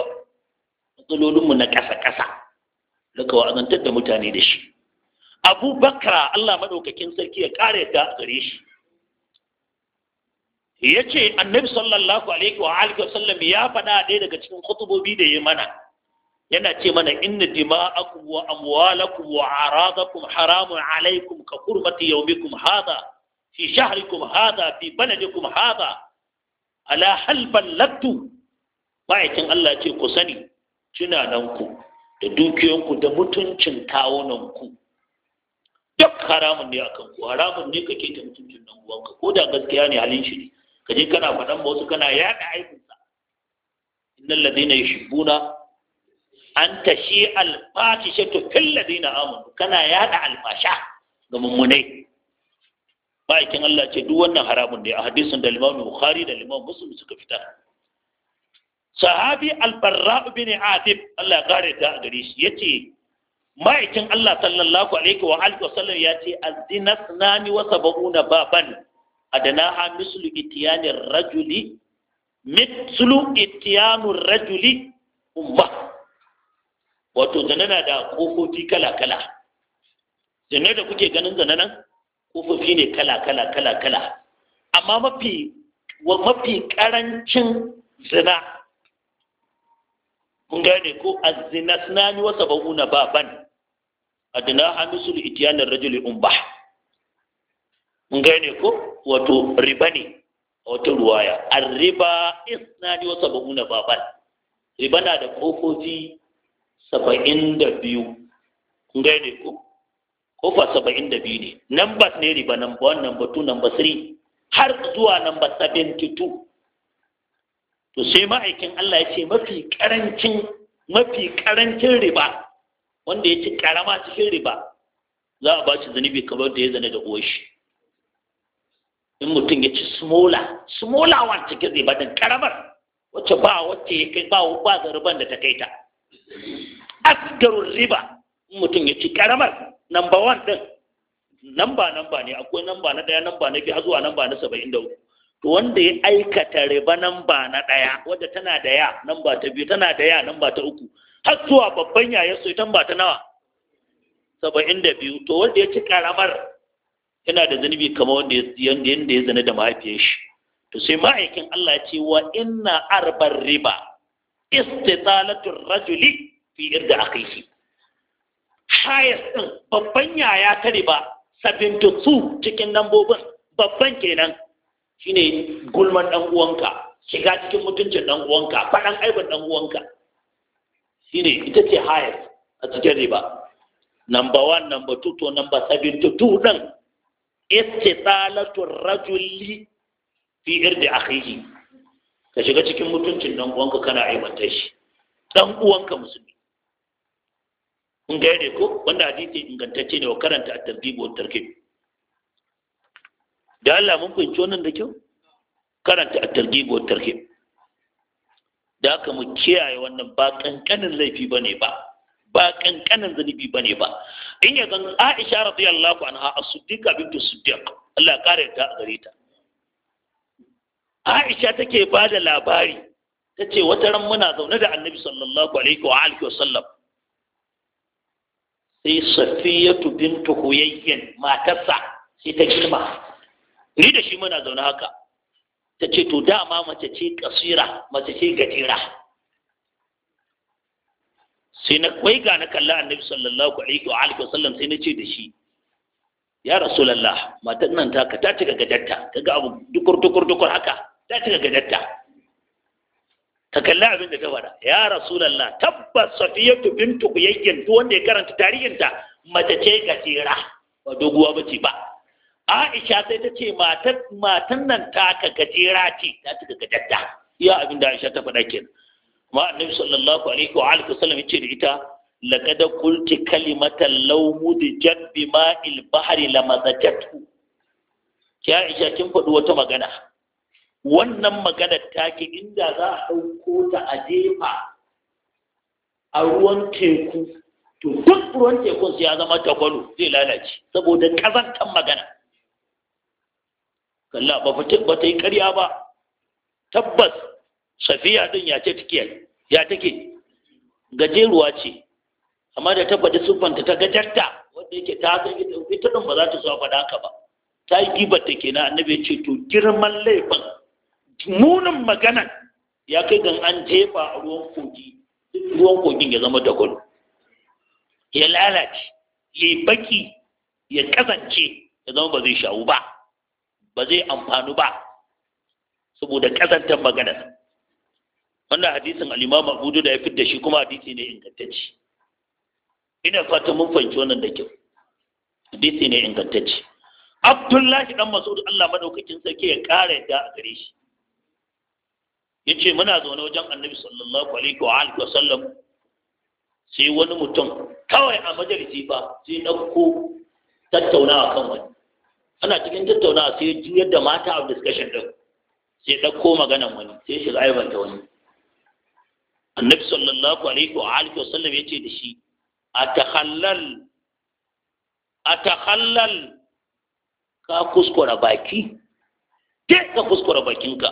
matsalolinmu na ƙasa-ƙasa daga wa'azantar da mutane da shi abu bakra allah maɗaukakin sarki ya ƙara yadda a gare shi ya ce annabi sallallahu alaihi wa alihi wasallam ya faɗa ɗaya daga cikin khutubobi da ya mana yana ce mana inna dima'akum wa amwalakum wa aradakum haramun alaikum ka hurmati yawmikum hada, fi shahrikum hada, fi baladikum hada, ala hal ballatu ma'aikin Allah ce ku sani tunananku da dukiyanku da mutuncin ku duk haramun ne akan ku haramun ne ka keta mutuncin nan uwanka ko da gaskiya ne halin shi ne ka je kana faɗan ba wasu kana yaɗa aikinsa innal ladina yushibuna an tashi alfahisha to fil ladina amanu kana yada alfasha ga mummunai Ma'aikin Allah ce duk wannan haramun ne a hadisin da Imam Bukhari da Imam Muslim suka fita sahabi albarra bin atib Allah ya kare ta a gare shi yace ma'aikin Allah sallallahu alaihi wa alihi wasallam ya ce azina nani wa sab'una baban adanaha mislu itiyani rajuli mislu itiyanu rajuli umma wato zanana da kofofi kala kala zanana da kuke ganin zananan kofofi ne kala kala kala kala amma mafi wa mafi karancin zina kun gane ko azzinasnani ba sab'una baban adna hamisul itiyanar rajuli umba mun gane ko wato riba ne a wata ruwaya arriba isnani wa sab'una baban riba na da kofofi saba'in da biyu kun gane ko kofa saba'in da biyu ne numbers ne riba number one number two number three har zuwa number seventy two to sai ma'aikin Allah ya ce mafi karancin mafi karancin riba wanda ya ci karama cikin riba za a ba shi zunubi kamar da ya zane da uwashi in mutum ya ci smola smola wani cikin riba don karamar wacce ba wacce ya kai ba ba zarban da ta kai ta asgarun riba in mutum ya ci karamar number one din namba namba ne akwai namba na daya namba na biyu zuwa namba na saba'in da uku to wanda ya aikata riba nan ba na ɗaya wadda tana da ya nan ba ta biyu tana da ya nan ba ta uku har zuwa babban yaya su ita ba ta nawa saba'in da biyu to wanda ya ci karamar yana da zunubi kamar wanda ya zane da mahaifiyar shi to sai ma'aikin Allah ce wa inna arbar riba istitalatul rajuli fi irda akhihi highest din babban yaya ta riba 72 cikin lambobin babban kenan shine gulman dan uwanka shiga cikin mutuncin dan uwanka faɗan aibin dan uwanka shine ita ce hayar a cikin riba number one number two to number to two din istitalatu rajuli fi irdi akhihi ka shiga cikin mutuncin dan uwanka kana aibanta shi dan uwanka musulmi kun ga ko wanda hadisi ingantacce ne wa karanta at-tartib wa tarkib da Allah mun fahimci wannan da kyau karanta a targhib a tarhib da aka mu kiyaye wannan ba kankanin laifi bane ba ba kankanin zunubi bane ba in ya zan Aisha radiyallahu anha as-siddiqa bint siddiq Allah kare ta a gare ta Aisha take ba da labari ta ce wata ran muna zaune da annabi sallallahu alaihi wa alihi sallam sai safiyatu bintu huyayyan matarsa sai ta girma ni da shi muna zaune haka ta ce to dama mace ce kasira mace ce gajera sai na ga na kalla annabi sallallahu alaihi wa alihi wasallam sai na ce da shi ya rasulullah matan nan ta ta cika gajarta kaga abu dukur dukur dukur haka ta cika gajarta ka kalli abin da ta faɗa ya rasulallah tabbas safiyatu bintu kuyayyin duk wanda ya karanta tarihinta mace ce gajera ba doguwa bace ba Aisha sai ta ce matan nan ta ka gajera ce ta cika gajadda ya abin da Aisha ta faɗa kenan ma annabi sallallahu alaihi wa alihi wasallam yace da ita laqad qulti kalimatan law mudjat bi ma'il bahri lamazatatu ki Aisha kin faɗi wata magana wannan magana ta ke inda za a dauko ta a jefa a ruwan teku to duk ruwan tekun sai ya zama takwalo zai lalace saboda kazantan magana kalla ba ta yi karya ba tabbas safiya din ya ce take ya take gajeruwa ce amma da tabbata siffanta ta gajarta wanda yake ta san ita ita din ba za ta so faɗa haka ba ta yi gibar ta kenan annabi ya ce to girman laifin munin maganan ya kai gan an jefa a ruwan kogi ruwan kogin ya zama da ya lalace ya baki ya kasance ya zama ba zai shawu ba ba zai amfanu ba saboda kazantar maganar wannan hadisin Alimama, imam da ya da shi kuma hadisi ne ingantacce ina fata mun fahimci wannan da kyau hadisi ne ingantacce abdullahi dan masud Allah madaukakin sarki ya ƙara yadda a gare shi Ya ce muna zaune wajen annabi sallallahu alaihi wa alihi wa sallam sai wani mutum kawai a majalisi ba sai ɗauko tattaunawa kan wani ana cikin tattaunawa sai ya juyar da mata of discussion din sai ɗauko maganan wani sai shiga aibanta wani annabi sallallahu alaihi wa alihi wa sallam yace da shi atahallal atahallal ka kuskura baki je ka kuskura bakinka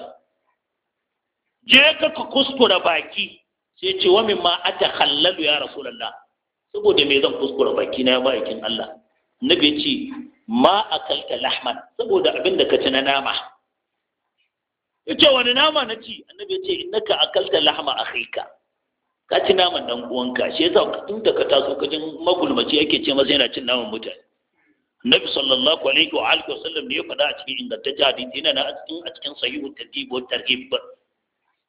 je ka ka kuskura baki sai ce wa mimma atakhallalu ya rasulullah saboda me zan kuskura baki na ya bakin Allah annabi yace ma akalta lahman saboda abin da ka ci na nama Ya ce wani nama na ci annabi ya ce innaka akalta lahma akhika ka ci naman dan uwanka shi yasa tun da ka taso ka jin magulmaci yake ce masa yana cin naman mutane annabi sallallahu alaihi wa alihi wasallam ne ya faɗa a cikin ingantacce hadisi yana na a cikin sahihu tartib wa tarhib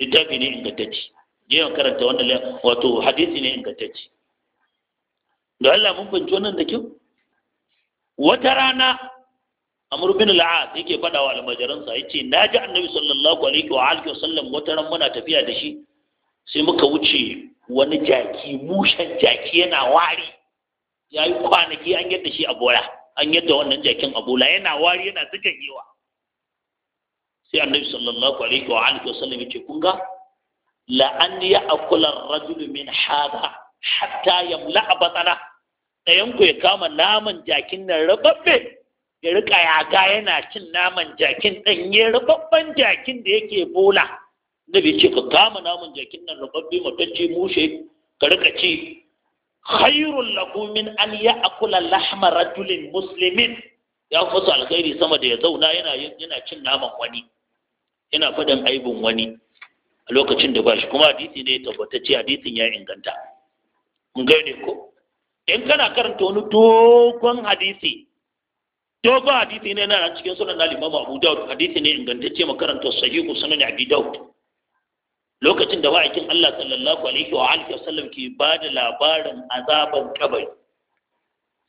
littafi ne ingantacce je ka karanta wannan wato hadisi ne ingantacce da Allah mun fahimci wannan da kyau wata rana amr bin al-as yake faɗa wa almajiransa na ji annabi sallallahu alaihi wa alihi wasallam wata ran muna tafiya da shi sai muka wuce wani jaki mushen jaki yana wari ya yi kwanaki an yadda shi a bola an yadda wannan jakin a bola yana wari yana yiwa sai annabi sallallahu alaihi wa alihi wasallam ce, kun ga la'an ya ya'kula ar-rajulu min hada hatta yamla'a batana ɗayanku ku ya kama naman jakin nan rababbe ya rika yaga yana cin naman jakin ɗan ya rababban jakin da yake bola da bai ce ka kama naman jakin nan rababbe matacce mushe ka rika ci khairul lakumin an ya akula lahma rajulin muslimin ya fi su alkhairi sama da ya zauna yana yana cin naman wani yana faɗin aibin wani a lokacin da bashi kuma hadisi ne ce hadisin ya inganta mun gane ko in kana karanta wani dogon hadisi dogon hadisi ne na cikin sunan na Abuja, Abu daud hadisi ne ingantacce makaranta sahihu sunan Abi daud lokacin da wa'akin Allah sallallahu alaihi wa alihi wasallam ke ba da labarin azaban kabari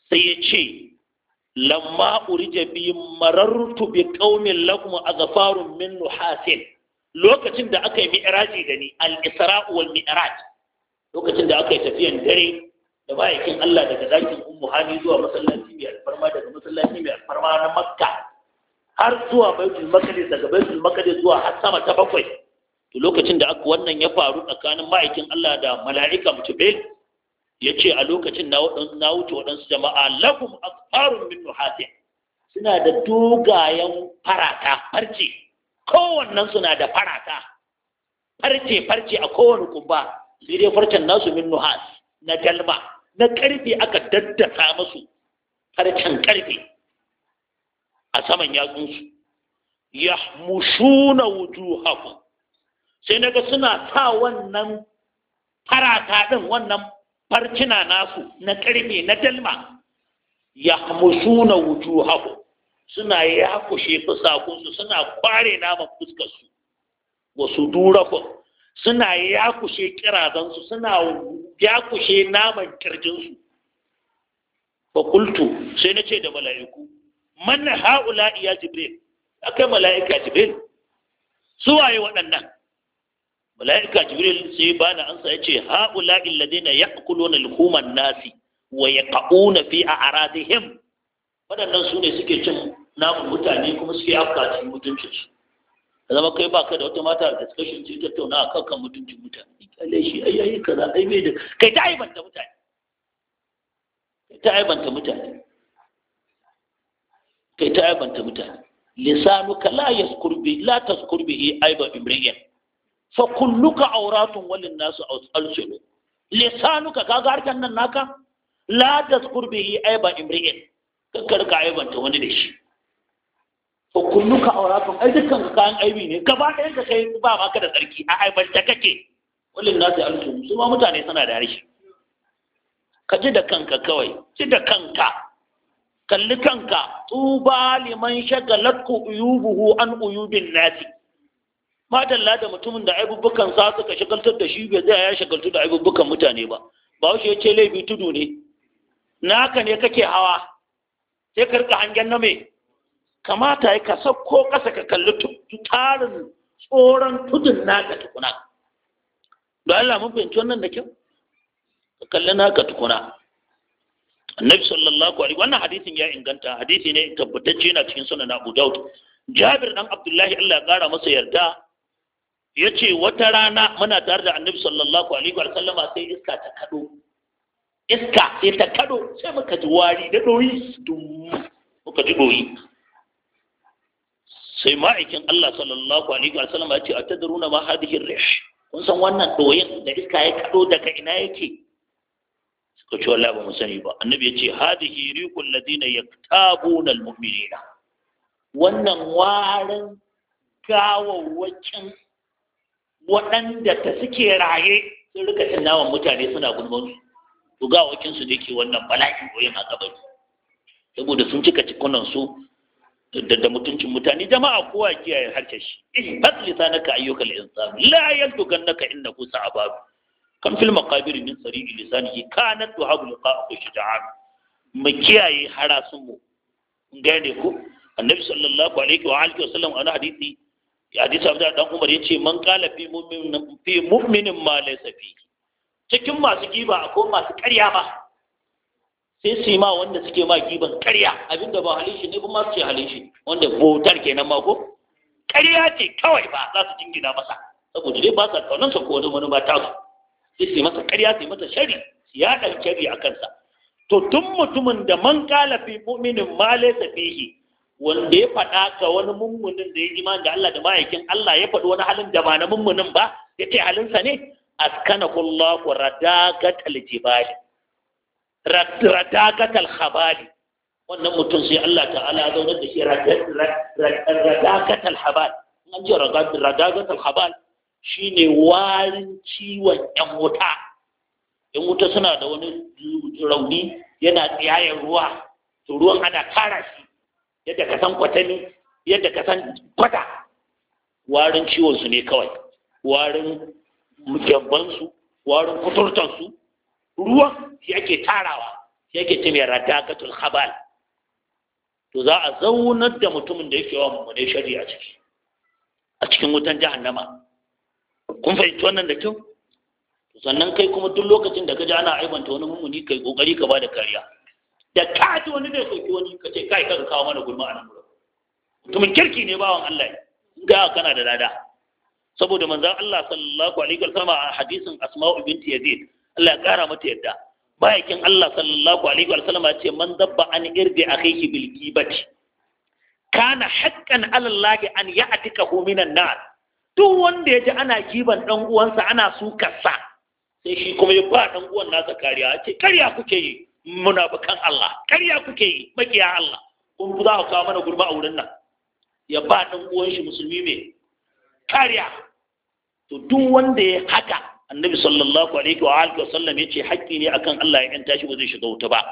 sai ya ce lamma urija bi marartu bi qaumin lakum azfarun min nuhasin lokacin da aka yi mi'raji da ni al-isra wal mi'raj lokacin da aka yi tafiyan dare da ma'aikin Allah daga zakin ummu hani zuwa masallaci mai alfarma daga masallaci mai alfarma na makka har zuwa baitul maqdis daga baitul maqdis zuwa har sama ta bakwai to lokacin da aka wannan ya faru tsakanin ma'aikin Allah da mala'ika mutubil ya ce a lokacin na wuce waɗansu jama'a lakum asfarun min nuhasin suna da dogayen farata farce kowannen suna da farata farce farce a kowane kumba sai dai farcen nasu min nuhas na galma na karfe aka daddasa musu harcen karfe a saman yatsunsu ya mushuna haku sai naga suna sa wannan farata ɗin wannan farcina nasu na karfe na dalma ya mushuna haku suna yakushe fusakunsu suna kware naman fuskarsu wasu durakun suna yakushe kiradansu suna yakushe naman kirjinsu ba kultu sai na ce da mala'iku man haula iya jibril akai mala'ika jibril su waye waɗannan mala'ika jibril sai ba na ansa ya ce haula illadina ya'kuluna lukuman nasi wa yaqauna fi a'radihim waɗannan su ne suke cin namun mutane kuma suke afka cikin mutuncinsu ka zama kai baka da wata mata da discussion sai tattauna a kan kan mutuncin mutane kalle shi ai ai kaza ai bai da kai ta aibanta mutane kai ta aibanta mutane kai ta aibanta mutane ka la yazkur la tazkur bi eh, aiba imriyan fa kulluka auratun walin nasu alsulu ka ga harkan nan naka la tazkur yi eh, aiba imriyan kakkar ka aibanta wani da shi wa a wurafin ai dukkan kayan aibi ne gaba ɗaya ka kai ba ma ka da tsarki a ta kake na sai alfu su ma mutane suna da harshe ka ji da kanka kawai ji da kanka kalli kanka tuba liman shagalatku uyubuhu an uyubin nasi dalla da mutumin da aibubukan sa suka shagaltar da shi bai tsaya ya shagaltu da aibubukan mutane ba ba wuce ya ce laifi tudu ne naka ne kake hawa sai karka hangen na mai kamata ya ka sauko ƙasa ka kalli tarin tsoron tudun naka tukuna don Allah mun fahimci wannan da kyau ka kalli naka tukuna annabi sallallahu alaihi wannan hadisin ya inganta hadisi ne tabbatacce yana cikin sunan Abu Dawud Jabir dan Abdullahi Allah ya kara masa yarda yace wata rana muna tare da annabi sallallahu alaihi wa sallama sai iska ta kado iska sai ta kado sai muka ji wari da doyi muka ji doyi sai ma'aikin Allah sallallahu alaihi wa sallam ya ce na ma hadhihi rish kun san wannan doyin da iska ya kado daga ina yake suka ce wallahi ba mu sani ba annabi ya ce hadhihi riqul ladina yaktabuna almu'minina wannan warin gawawwakin waɗanda ta suke raye sun rika cin naman mutane suna su to gawakin su ne ke wannan bala'in doyin a gabani saboda sun cika cikunan su da mutuncin mutane jama'a kowa kiyaye harshe shi fat lisanaka ayyukal insan la yaltugannaka kusa sa'abab kan fil maqabir min sari'i lisanihi kanat tuhabu liqa'u shuja'an mu kiyaye harasun mu gane ku annabi sallallahu alaihi wa alihi wasallam ana hadisi hadisi abu dan umar yace man qala fi mu'minin fi mu'minin ma laysa fi cikin masu giba akwai masu ƙarya ba sai su yi ma wanda suke ma giban karya abinda ba halishi ne ba su ce halishi wanda bautar kenan ma ko karya ce kawai ba za su jingina masa saboda dai ba sa sa ko wani wani ba ta su sai su yi masa karya su yi masa shari su ɗan shari a kansa to tun mutumin da man kala fi mu'minin ma laisa fihi wanda ya faɗa ga wani mummunin da ya imani da Allah da ma'aikin Allah ya faɗi wani halin da ba na mummunin ba ya ce halinsa ne askanakullahu radaqatal jibali radakatal habali wannan mutum sai Allah ta'ala zaunar da shi radakatal habal an ji radakatal habal shine warin ciwon yan wuta yan wuta suna da wani rauni yana tsiyayen ruwa to ruwan ana kara shi yadda ka san kwatani yadda ka san kwata warin ciwon su ne kawai warin gyabban su warin kuturtan su ruwan shi ake tarawa shi ake ce mai radagatul khabal to za a zaunar da mutumin da yake yawan mu shari a ciki a cikin wutan jahannama kun fahimci wannan da kyau sannan kai kuma duk lokacin da ka ji ana aibanta wani mummuni kai kokari ka bada kariya da ka ji wani zai soki wani ka ce kai ka kawo mana gulma a nan gurin mutumin kirki ne bawan Allah in ga kana da dada. saboda manzon Allah sallallahu alaihi wasallam a hadisin Asma'u binti Yazid Allah ya kara mata yadda bayakin Allah sallallahu alaihi wa ya ce man dabba an irdi akhihi bil ghibati kana haqqan ala Allah an ya'tikahu minan nar duk wanda ya ji ana giban dan uwansa ana sukarsa sai shi kuma ya ba dan uwan nasa kariya ya ce kariya kuke yi munafikan Allah kariya kuke yi makiya Allah kun za ku kawo mana gurba a wurin nan ya ba dan uwan shi musulmi mai kariya to duk wanda ya haka annabi sallallahu alaihi wa alihi wasallam yace haƙƙi ne akan Allah ya yanta tashi ba zai shiga wuta ba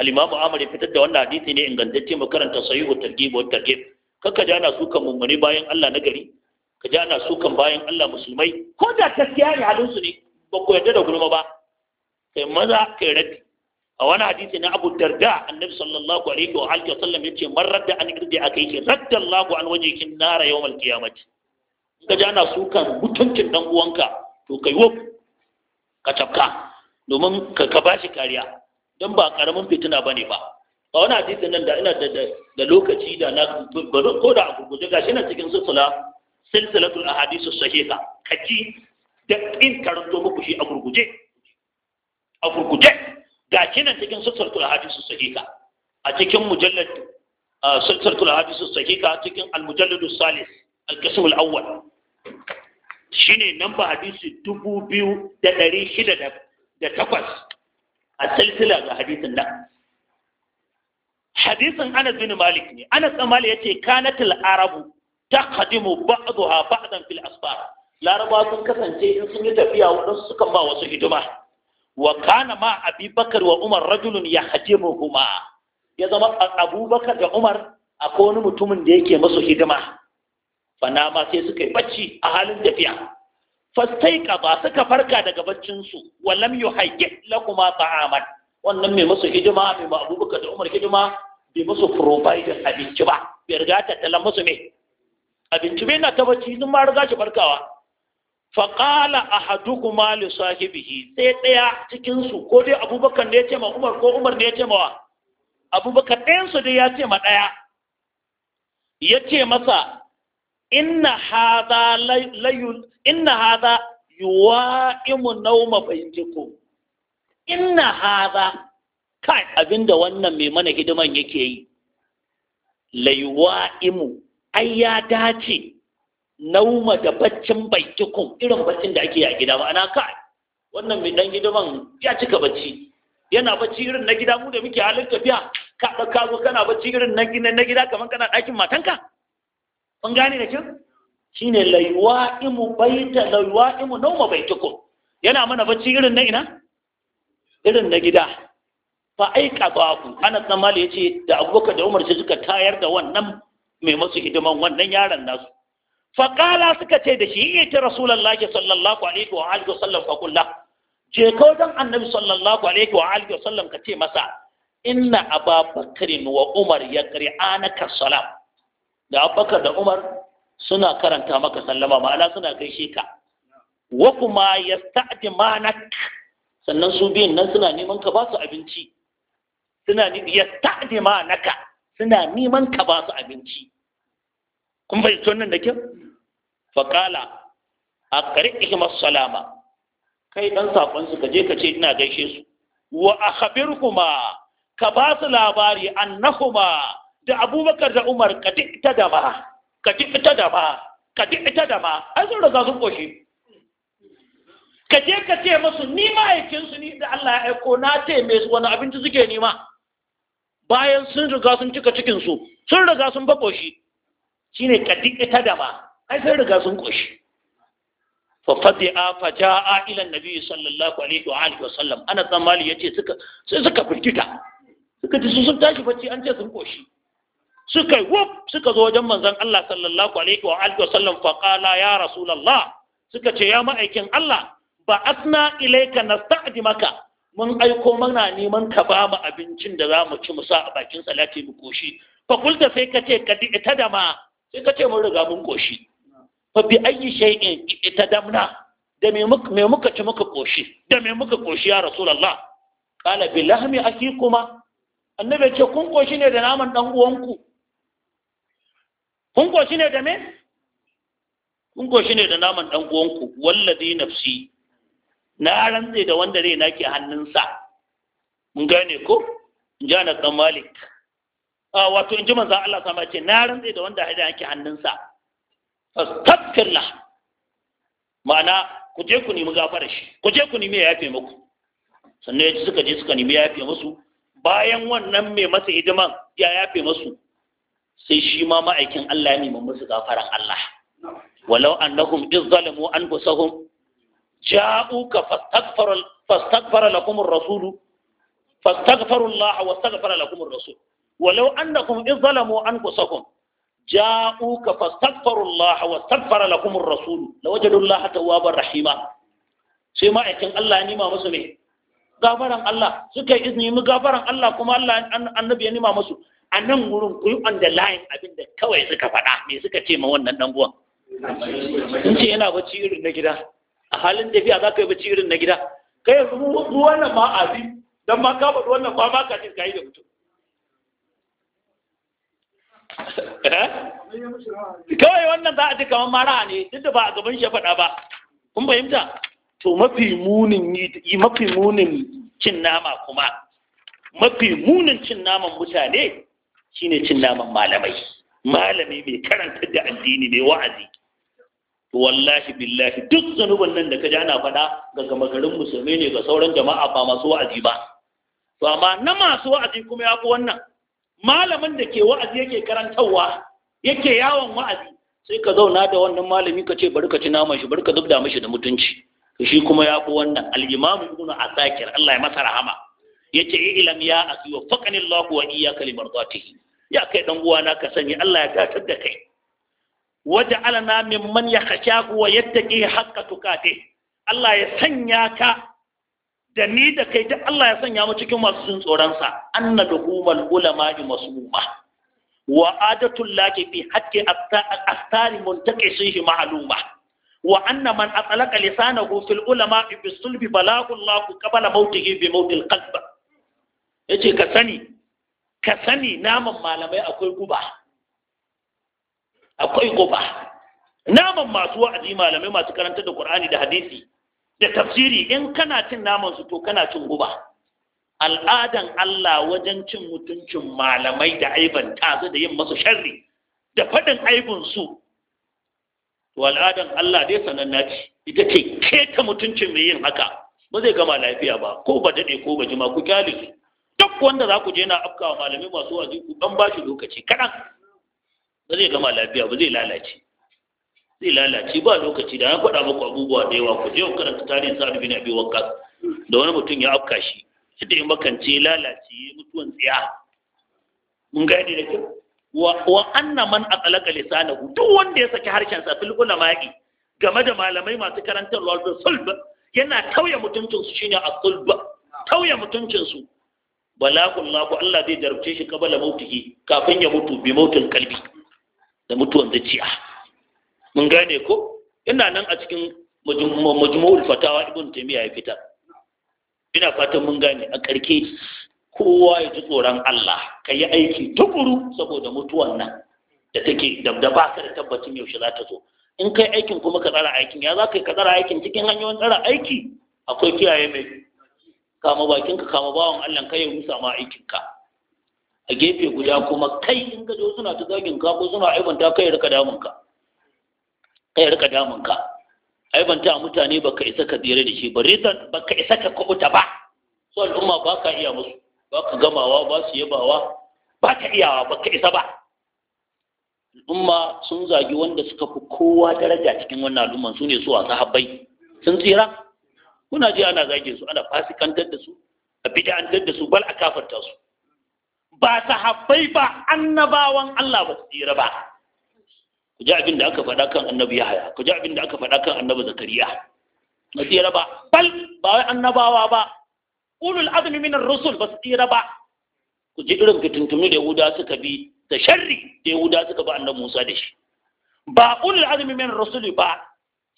al-imam Ahmad ya fitar da wannan hadisi ne ingantacce mu karanta sahihu targhib wa targhib kaka ji ana sukan mummuni bayan Allah na gari ka ji ana sukan bayan Allah musulmai ko da gaskiya ne halin su ne ba ku yarda da gulma ba kai maza kai raddi a wani hadisi na Abu Darda annabi sallallahu alaihi wa alihi wasallam yace man radda an irdi akai shi radda Allahu an kin nara yawmal qiyamati kaji ana sukan mutuncin dan uwanka to kai wo ka tafka domin ka ka bashi kariya don ba karamin fitina bane ba a wani hadisin nan da ina da lokaci da na ko da a gurguje gashi na cikin sulsula silsilatul ahadisu sahiha kaji da in karanto muku shi a gurguje a gurguje gashi na cikin silsilatul ahadisu sahiha a cikin mujallad silsilatul ahadisu sahiha cikin al-mujalladus salis al-qism al-awwal shine namba hadisi dubu biyu da ɗari shida da takwas a silsila ga hadisin nan hadisin anas bin malik ne anas bin malik yace kanatil arabu taqdimu ba'daha ba'adan fil asfar laraba sun kasance in sun yi tafiya wadansu sukan ba wasu hidima wa kana ma abubakar wa umar rajulun huma. ya zama abubakar da umar akwai wani mutumin da yake masu hidima fanama sai suka yi bacci a halin tafiya fastai ba suka farka daga baccinsu walam yu hayyi lakuma ta'aman wannan mai musu hidima mai ma abubakar da umar hidima bai musu providing abinci ba bai riga ta talan musu mai. abinci bai na ta bacci sun ma riga shi farkawa faƙala a hadu kuma sahibihi sai ɗaya cikinsu ko dai abubakar ne ya ce ma umar ko umar ne ya ce ma wa abubakar ɗayansu dai ya ce ma ɗaya ya ce masa inna hada layul inna hada yuwa'imu nauma fahimtikum inna hada kai abinda wannan mai mana hidiman yake yi imu ai ya dace nauma da baccin baikikun irin baccin da ake a gida ma'ana kai wannan mai dan hidiman ya cika bacci yana bacci irin na gida mu da muke halin tafiya ka ka kana bacci irin na gida kamar kana ɗakin matanka kun gane da kyau shine laiwa'imu baita laiwa'imu nauma baitukum yana mana bacci irin na ina irin na gida fa aika baku ana tsammali yace da abubakar da umar sai suka tayar da wannan mai masu hidiman wannan yaron nasu fa qala suka ce da shi yace rasulullahi sallallahu alaihi wa alihi wasallam fa kullu je ka wajen annabi sallallahu alaihi wa alihi wasallam ka ce masa inna ababakarin wa umar ya qir'anaka salam da abubakar da umar suna karanta maka sallama ma'ana suna gaishe ka wa kuma ya sta'adi manak sannan su biyun nan suna neman ka ba su abinci suna ya sta'adi manaka suna neman ka ba su abinci kun bai nan da kyau faƙala a ƙarƙihi masu salama kai ɗan saƙonsu ka je ka ce ina gaishe su wa a kuma ka ba su labari annahuma da abubakar da umar ka duk ta da ka duk ta da ka duk ta dama. ai sun riga sun koshi ka je ka ce masu ni ma'aikinsu ni da Allah ya aiko na ce mai wani abinci suke nima bayan sun riga sun cika cikinsu sun riga sun ba koshi shine ka duk ta da ai sun riga sun koshi fafadi'a fa ja'a ila annabi sallallahu alaihi wa alihi wa sallam ana tsammali yace suka sai suka firgita suka ji sun tashi bacci an ce sun koshi suka wuf suka zo wajen manzan Allah sallallahu alaihi wa alihi wa fa qala ya rasulullah suka ce ya ma'aikin Allah ba asna ilayka nasta'dimaka mun aiko mana neman ka ba mu abincin da za mu ci mu sa a bakin salati mu koshi fa kulta sai ka ce ka ita da ma sai ka ce mun riga mun koshi fa bi ayyi shay'in ita damna da me muka me muka ci muka koshi da me muka koshi ya rasulullah qala bi lahmi akikuma annabi ce kun koshi ne da naman dan uwanku kun koshi ne da me kun koshi ne da naman dan uwanku wallazi nafsi na rantse da wanda rai nake hannunsa mun gane ko in dan malik a wato in ji manzon Allah sama ce na rantse da wanda rai nake hannunsa astaghfirullah ma'ana ku je ku nemi gafara shi ku je ku nemi ya yafe muku sannan ya ji suka je suka nemi ya yafe musu bayan wannan mai masa hidiman ya yafe musu sai shi ma ma'aikin Allah ya nemi musu gafaran Allah walau annahum iz zalamu anfusahum ja'uka fastaghfara fastaghfara lakum ar-rasul fastaghfaru Allah wastaghfara lakum ar-rasul walau annahum iz zalamu anfusahum ja'uka fastaghfaru Allah wastaghfara lakum ar-rasul lawajadu Allah tawwaban rahima sai ma'aikin Allah ya nima musu ne gafaran Allah suka yi izini mu gafaran Allah kuma Allah annabi ya nima musu a nan wurin ku yi on the line abin da kawai suka faɗa me suka ce ma wannan dan uwan in ce yana bacci irin na gida a halin tafiya za ka yi bacci irin na gida kai yanzu mu wannan ma abi dan ma ka faɗi wannan ba ma ka ce ka yi da mutum eh? kawai wannan za a ji kamar mara ne duk da ba a gaban shi faɗa ba kun fahimta to mafi munin yi mafi munin cin nama kuma mafi munin cin naman mutane shine cin naman malamai malami mai karanta da addini mai wa'azi wallahi billahi duk zanuban nan da ka ja ana faɗa ga gama garin musulmi ne ga sauran jama'a ba masu wa'azi ba to amma na masu wa'azi kuma ya fi wannan malamin da ke wa'azi yake karantarwa yake yawon wa'azi sai ka zauna da wannan malami ka ce bari ka ci naman shi bari ka zubda mishi da mutunci shi kuma ya fi wannan al ibnu asakir Allah ya masa rahama yace ilam ya a wa faqani Allah wa iyyaka limardatihi ya kai dan uwana ka sani Allah ya datar da kai waj'alna mimman yakhshaku wa yattaqi haqqa tukate. Allah ya sanya ka da ni da kai duk Allah ya sanya mu cikin masu jin tsoron sa annaduhumal ulama masuma wa adatul laki fi haqqi astari muntaqisihi ma'luma wa anna man atlaqa lisanahu fil ulama bi sulbi balaghullahu qabla mawtihi bi mawtil qalbi ya ce ka sani ka sani naman malamai akwai guba akwai guba naman masu wa'azi malamai masu karanta da Ƙur'ani, da hadisi da tafsiri in kana cin naman su to kana cin guba al'adan Allah wajen cin mutuncin malamai da aiban tazu da yin masu sharri da faɗin aibin su to al'adan Allah dai sananna ce ita ce keta mutuncin mai yin haka ba zai gama lafiya ba ko ba daɗe ko ba jima ku kyale duk wanda za ku je na afkawa malamai masu wazi ku ɗan ba shi lokaci kaɗan ba zai gama lafiya ba zai lalace zai lalace ba lokaci da na faɗa muku abubuwa da yawa ku je ku karanta tarihin sa'ad bin abi waqqas da wani mutum ya afka shi sai ya makance lalace ya mutuwan tsiya mun gane da kyau wa anna man lissana lisanahu duk wanda ya saki harshen sa fil ulama'i game da malamai masu karantar lawal sulba, yana tauye mutuncin su shine as sulba tauye mutuncin su bala ko Allah zai jarabce shi kabala kafin ya mutu bi mautin kalbi da mutuwan zuciya mun gane ko ina nan a cikin majmu'ul fatawa ibn taymiya ya fita. ina fatan mun gane a karke kowa ya ji tsoron Allah ka yi aiki tukuru saboda mutuwan nan da take da ba ka da tabbacin yaushe za ta zo in kai aikin kuma ka tsara aikin ya za ka yi ka tsara aikin cikin hanyoyin tsara aiki akwai kiyaye mai kama bakinka kama bawan Allah kai ya rusa ma aikinka a gefe guda kuma kai in gajo suna ta zagin ka ko suna aibanta kai rika damun ka kai rika damun ka aibanta mutane baka isa ka tsere da shi bare baka isa ka kubuta ba su al'umma ba ka iya musu ba ka gamawa ba su yabawa ba ka iyawa ba ka isa ba al'umma sun zagi wanda suka fi kowa daraja cikin wannan al'umman su ne su wasu habbai sun tsira kuna ji ana zage su ana fasikantar da su a bid'antar da su bal a kafarta su ba sahabbai ba annabawan Allah ba su tsira ba ku ji abin da aka faɗa kan annabi ya ku ji abin da aka faɗa kan annabi Zakariya ba su tsira ba bal ba wai annabawa ba ulul azmi min ar-rusul ba su tsira ba ku ji irin fitintunu da Yahuda suka bi da sharri da Yahuda suka bi annabi Musa da shi ba ulul azmi min ar ba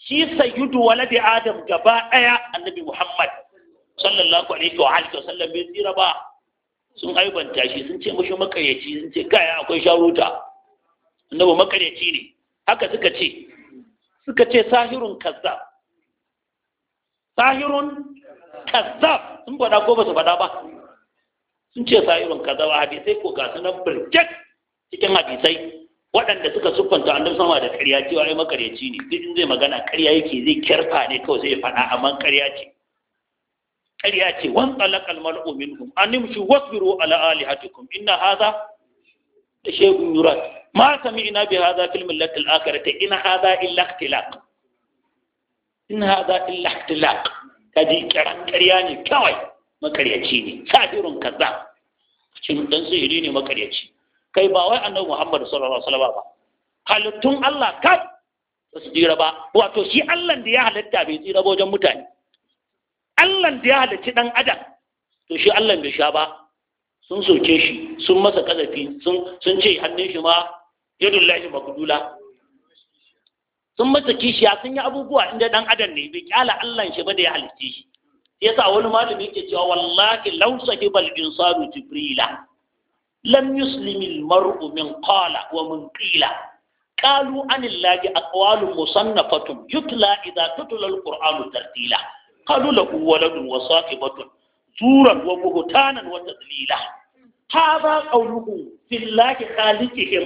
shi sayyidu waladi adam gaba daya annabi muhammad sallallahu alaihi wa alihi wasallam bai tsira ba sun aibanta shi sun ce mashi makaryaci sun ce gaya akwai sharuta annabi makaryaci ne haka suka ce suka ce sahirun kazzab sahirun kazzab sun faɗa ko ba su faɗa ba sun ce sahirun kazzab hadisai ko ga sunan birjek cikin hadisai waɗanda suka siffanta annabi sama da ƙarya cewa ai makaryaci ne duk in zai magana ƙarya yake zai kyarfa ne kawai sai ya faɗa amma ƙarya ce ƙarya ce wan talaqal mar'u minhum an nimshu wasbiru ala alihatikum inna hadha da shaykhun yurad ma sami'na bi hadha fil millati al akhirati in hadha illa ikhtilaq in hadha illa ikhtilaq kaji kiran ƙarya ne kawai makaryaci ne sahirun kaza shin dan sihiri ne makaryaci kai ba wai annabi Muhammad sallallahu alaihi wasallam ba halittun Allah kan ba su jira ba wato shi Allah da ya halitta bai tsira ba wajen mutane Allah da ya halicci dan adam to shi Allah bai sha ba sun soke shi sun masa kazafi sun sun ce hannun shi ma yadullahi makdula sun masa kishiya sun yi abubuwa inda dan adam ne bai kyala Allah shi ba da ya halitta shi yasa wani malami yake cewa wallahi lausa sahibal insanu jibrila lam yuslimil mar'u min qala wa min qila qalu anillahi aqwalun musannafatun yutla idza tutla alqur'anu tartila qalu lahu waladun wa saqibatun zuran wa buhtanan wa tadlila hadha qawluhu billahi khaliqihim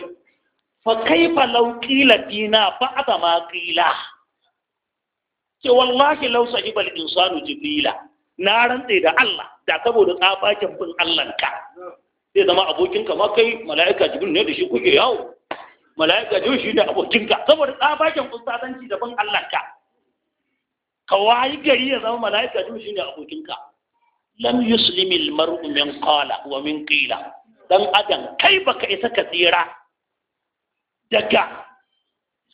fa kaifa law qila dina ba'da ma qila ce wallahi law sahibal insanu jibrila na rantse da Allah da saboda tsabakin bin Allah ka zai zama abokinka ma kai mala'ika jibril ne da shi kuke yawo mala'ika jibril shi ne abokinka saboda tsabagen ustazanci daban Allah ka ka wayi gari ya zama mala'ika jibril shi ne abokinka lam yuslimil mar'u min qala wa min qila dan adam kai ba ka isa ka tsira daga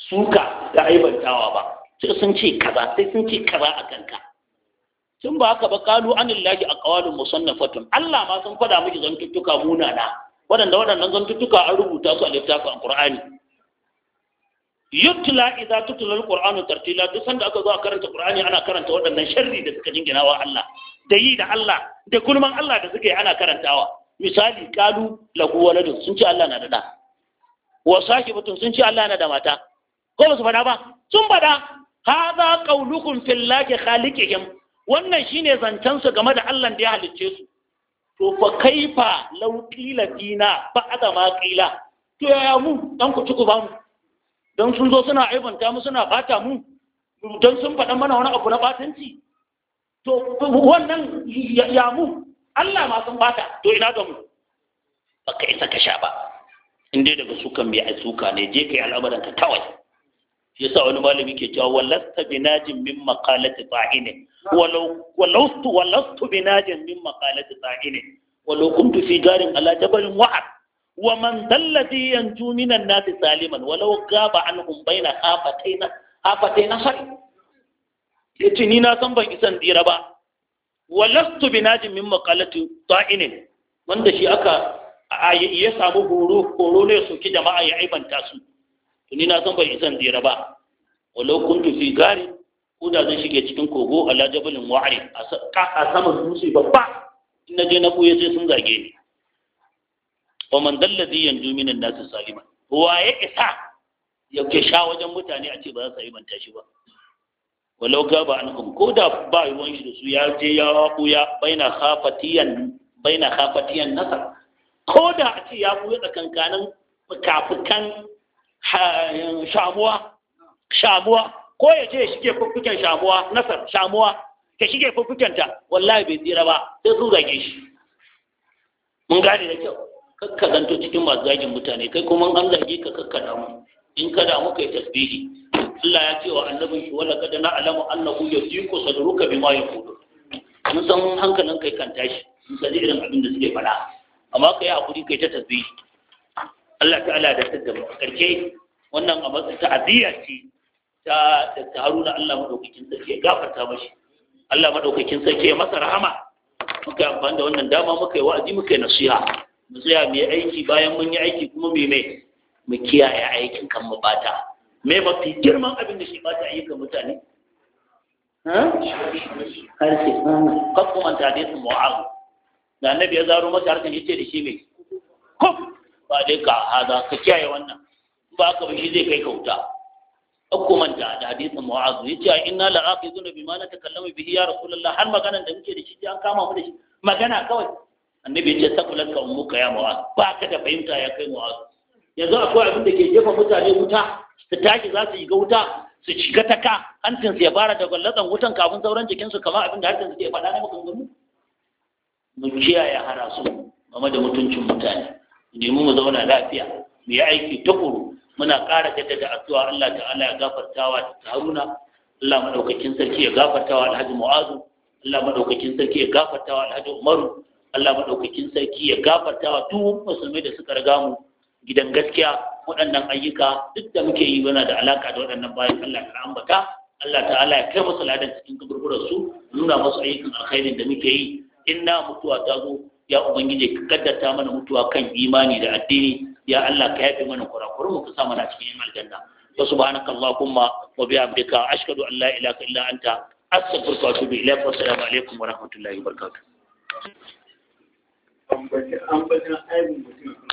suka da aibantawa ba sai sun ce kaza sai sun ce kaza a kanka in ba haka ba kalu anillahi aqwalun musannafatun Allah ma sun fada miki zantuttuka munana waɗanda waɗannan zantuttuka an rubuta su a littafin Al-ƙur'ani. Qur'ani yutla idza tutla alqur'anu tartila duk sanda aka zo a karanta Qur'ani ana karanta waɗannan sharri da suka jingina wa Allah da yi da Allah da kulman Allah da suka yi ana karantawa misali kalu lahu waladun sun ce Allah na da da wa sahibatun sun ce Allah na da mata ko ba su fada ba sun fada hadha qawlukum fillahi khaliqihim wannan shine zancensa zancensu game da Allah da ya halicce su to fa kaifa fa qila fina ba a da maƙila, to yaya mu ku ci ku mu sun zo suna aibanta mu suna bata mu Don sun faɗa mana wani abu na batanci to wannan ya mu Allah ma sun bata to ina ga mu ka isa ka sha ba inda dai daga sukan mai suka ne je yi yi ka kawai shi yasa wani malami ke cewa walasta binajin min maqalati ta'ine walau walastu walastu binajin min maqalati ta'ine walau kuntu fi garin ala jabalin wa'ad wa man dalladhi yanju minan nasi saliman walau gaba anhum baina hafataina hafataina hari yace ni na san ban isan dira ba walastu binajin min maqalati ta'ine wanda shi aka ya samu horo horo ne soki jama'a ya aibanta su tuni na san bai isan dira ba walau kuntu fi gari ko da zan shige cikin kogo ala jabalin wa'ari a sama dutse babba in na je na koye sai sun zage ni wa man dallazi yanju an-nas saliman wa ya isa ya ke sha wajen mutane a ce ba za su aibanta shi ba walau ka ba an ko da ba yi wani da su ya je ya buya baina khafatiyan baina khafatiyan nasar ko da a ce ya buya tsakankanin fuka shamuwa shamuwa ko ya ce shige fuffuken shamuwa nasar shamuwa ta shige fuffukenta wallahi bai tsira ba sai su zage shi mun gane da kyau kakka zanto cikin masu zagin mutane kai kuma an zage ka kakka damu in ka damu kai tasbihi Allah ya ce wa annabin shi wala kada na alamu annahu yasiku sadruka bima yaqulu mun san hankalin kai kan tashi mun san irin abin da suke faɗa amma kai hakuri kai ta tasbihi Allah ta'ala da ta gaba karke wannan a matsayin ta'aziyya ce ta da Haruna Allah madaukakin sarki ya gafarta mashi Allah madaukakin sarki ya masa rahama muka amfani da wannan dama muka yi wa'azi muka yi nasiha mu tsaya mu yi aiki bayan mun yi aiki kuma mu mai mu kiyaye aikin kan mu bata me mafi girman abin da shi bata ga mutane harshe kan kuma ta su mu'awu da annabi ya zaro masa harkar yace da shi mai kuf ba dai ka hada ka kiyaye wannan ba ka bishi zai kai kauta akko manta da hadisin mu'azu ce inna la aqizuna bima natakallamu bihi ya rasulullah har maganan da muke da shi an kama mu da shi magana kawai annabi yace sakulat ka ummuka ya mu'az ba ka da fahimta ya kai mu'az yanzu akwai abin da ke jefa mutane wuta su tashi za su ga wuta su shiga taka ka ya fara da gwallatsan wutan kafin sauran su kamar abin da hancinsu ke faɗa na maganganu mu kiyaye harasu game da mutuncin mutane domin mu zauna lafiya mu yi aiki tukuru muna ƙara jaddada addu'a Allah ta'ala ya gafartawa ta Haruna Allah madaukakin sarki ya gafartawa Alhaji Mu'azu Allah madaukakin sarki ya gafartawa Alhaji Umaru Allah madaukakin sarki ya gafartawa duk musulmai da suka riga mu gidan gaskiya waɗannan ayyuka duk da muke yi yana da alaka da waɗannan bayan Allah ya ambata Allah ta'ala ya kai musu ladan cikin kaburburan su nuna musu ayyukan alkhairin da muke yi in na mutuwa ta zo ya ubangiji ka kaddata mana mutuwa kan imani da addini ya Allah ka yafe mana kurakuru mu ka sa mana cikin aljanna wa subhanaka allahumma wa bihamdika ashhadu an la ilaha illa anta astaghfiruka wa atubu ilayk wa assalamu alaikum wa rahmatullahi wa barakatuh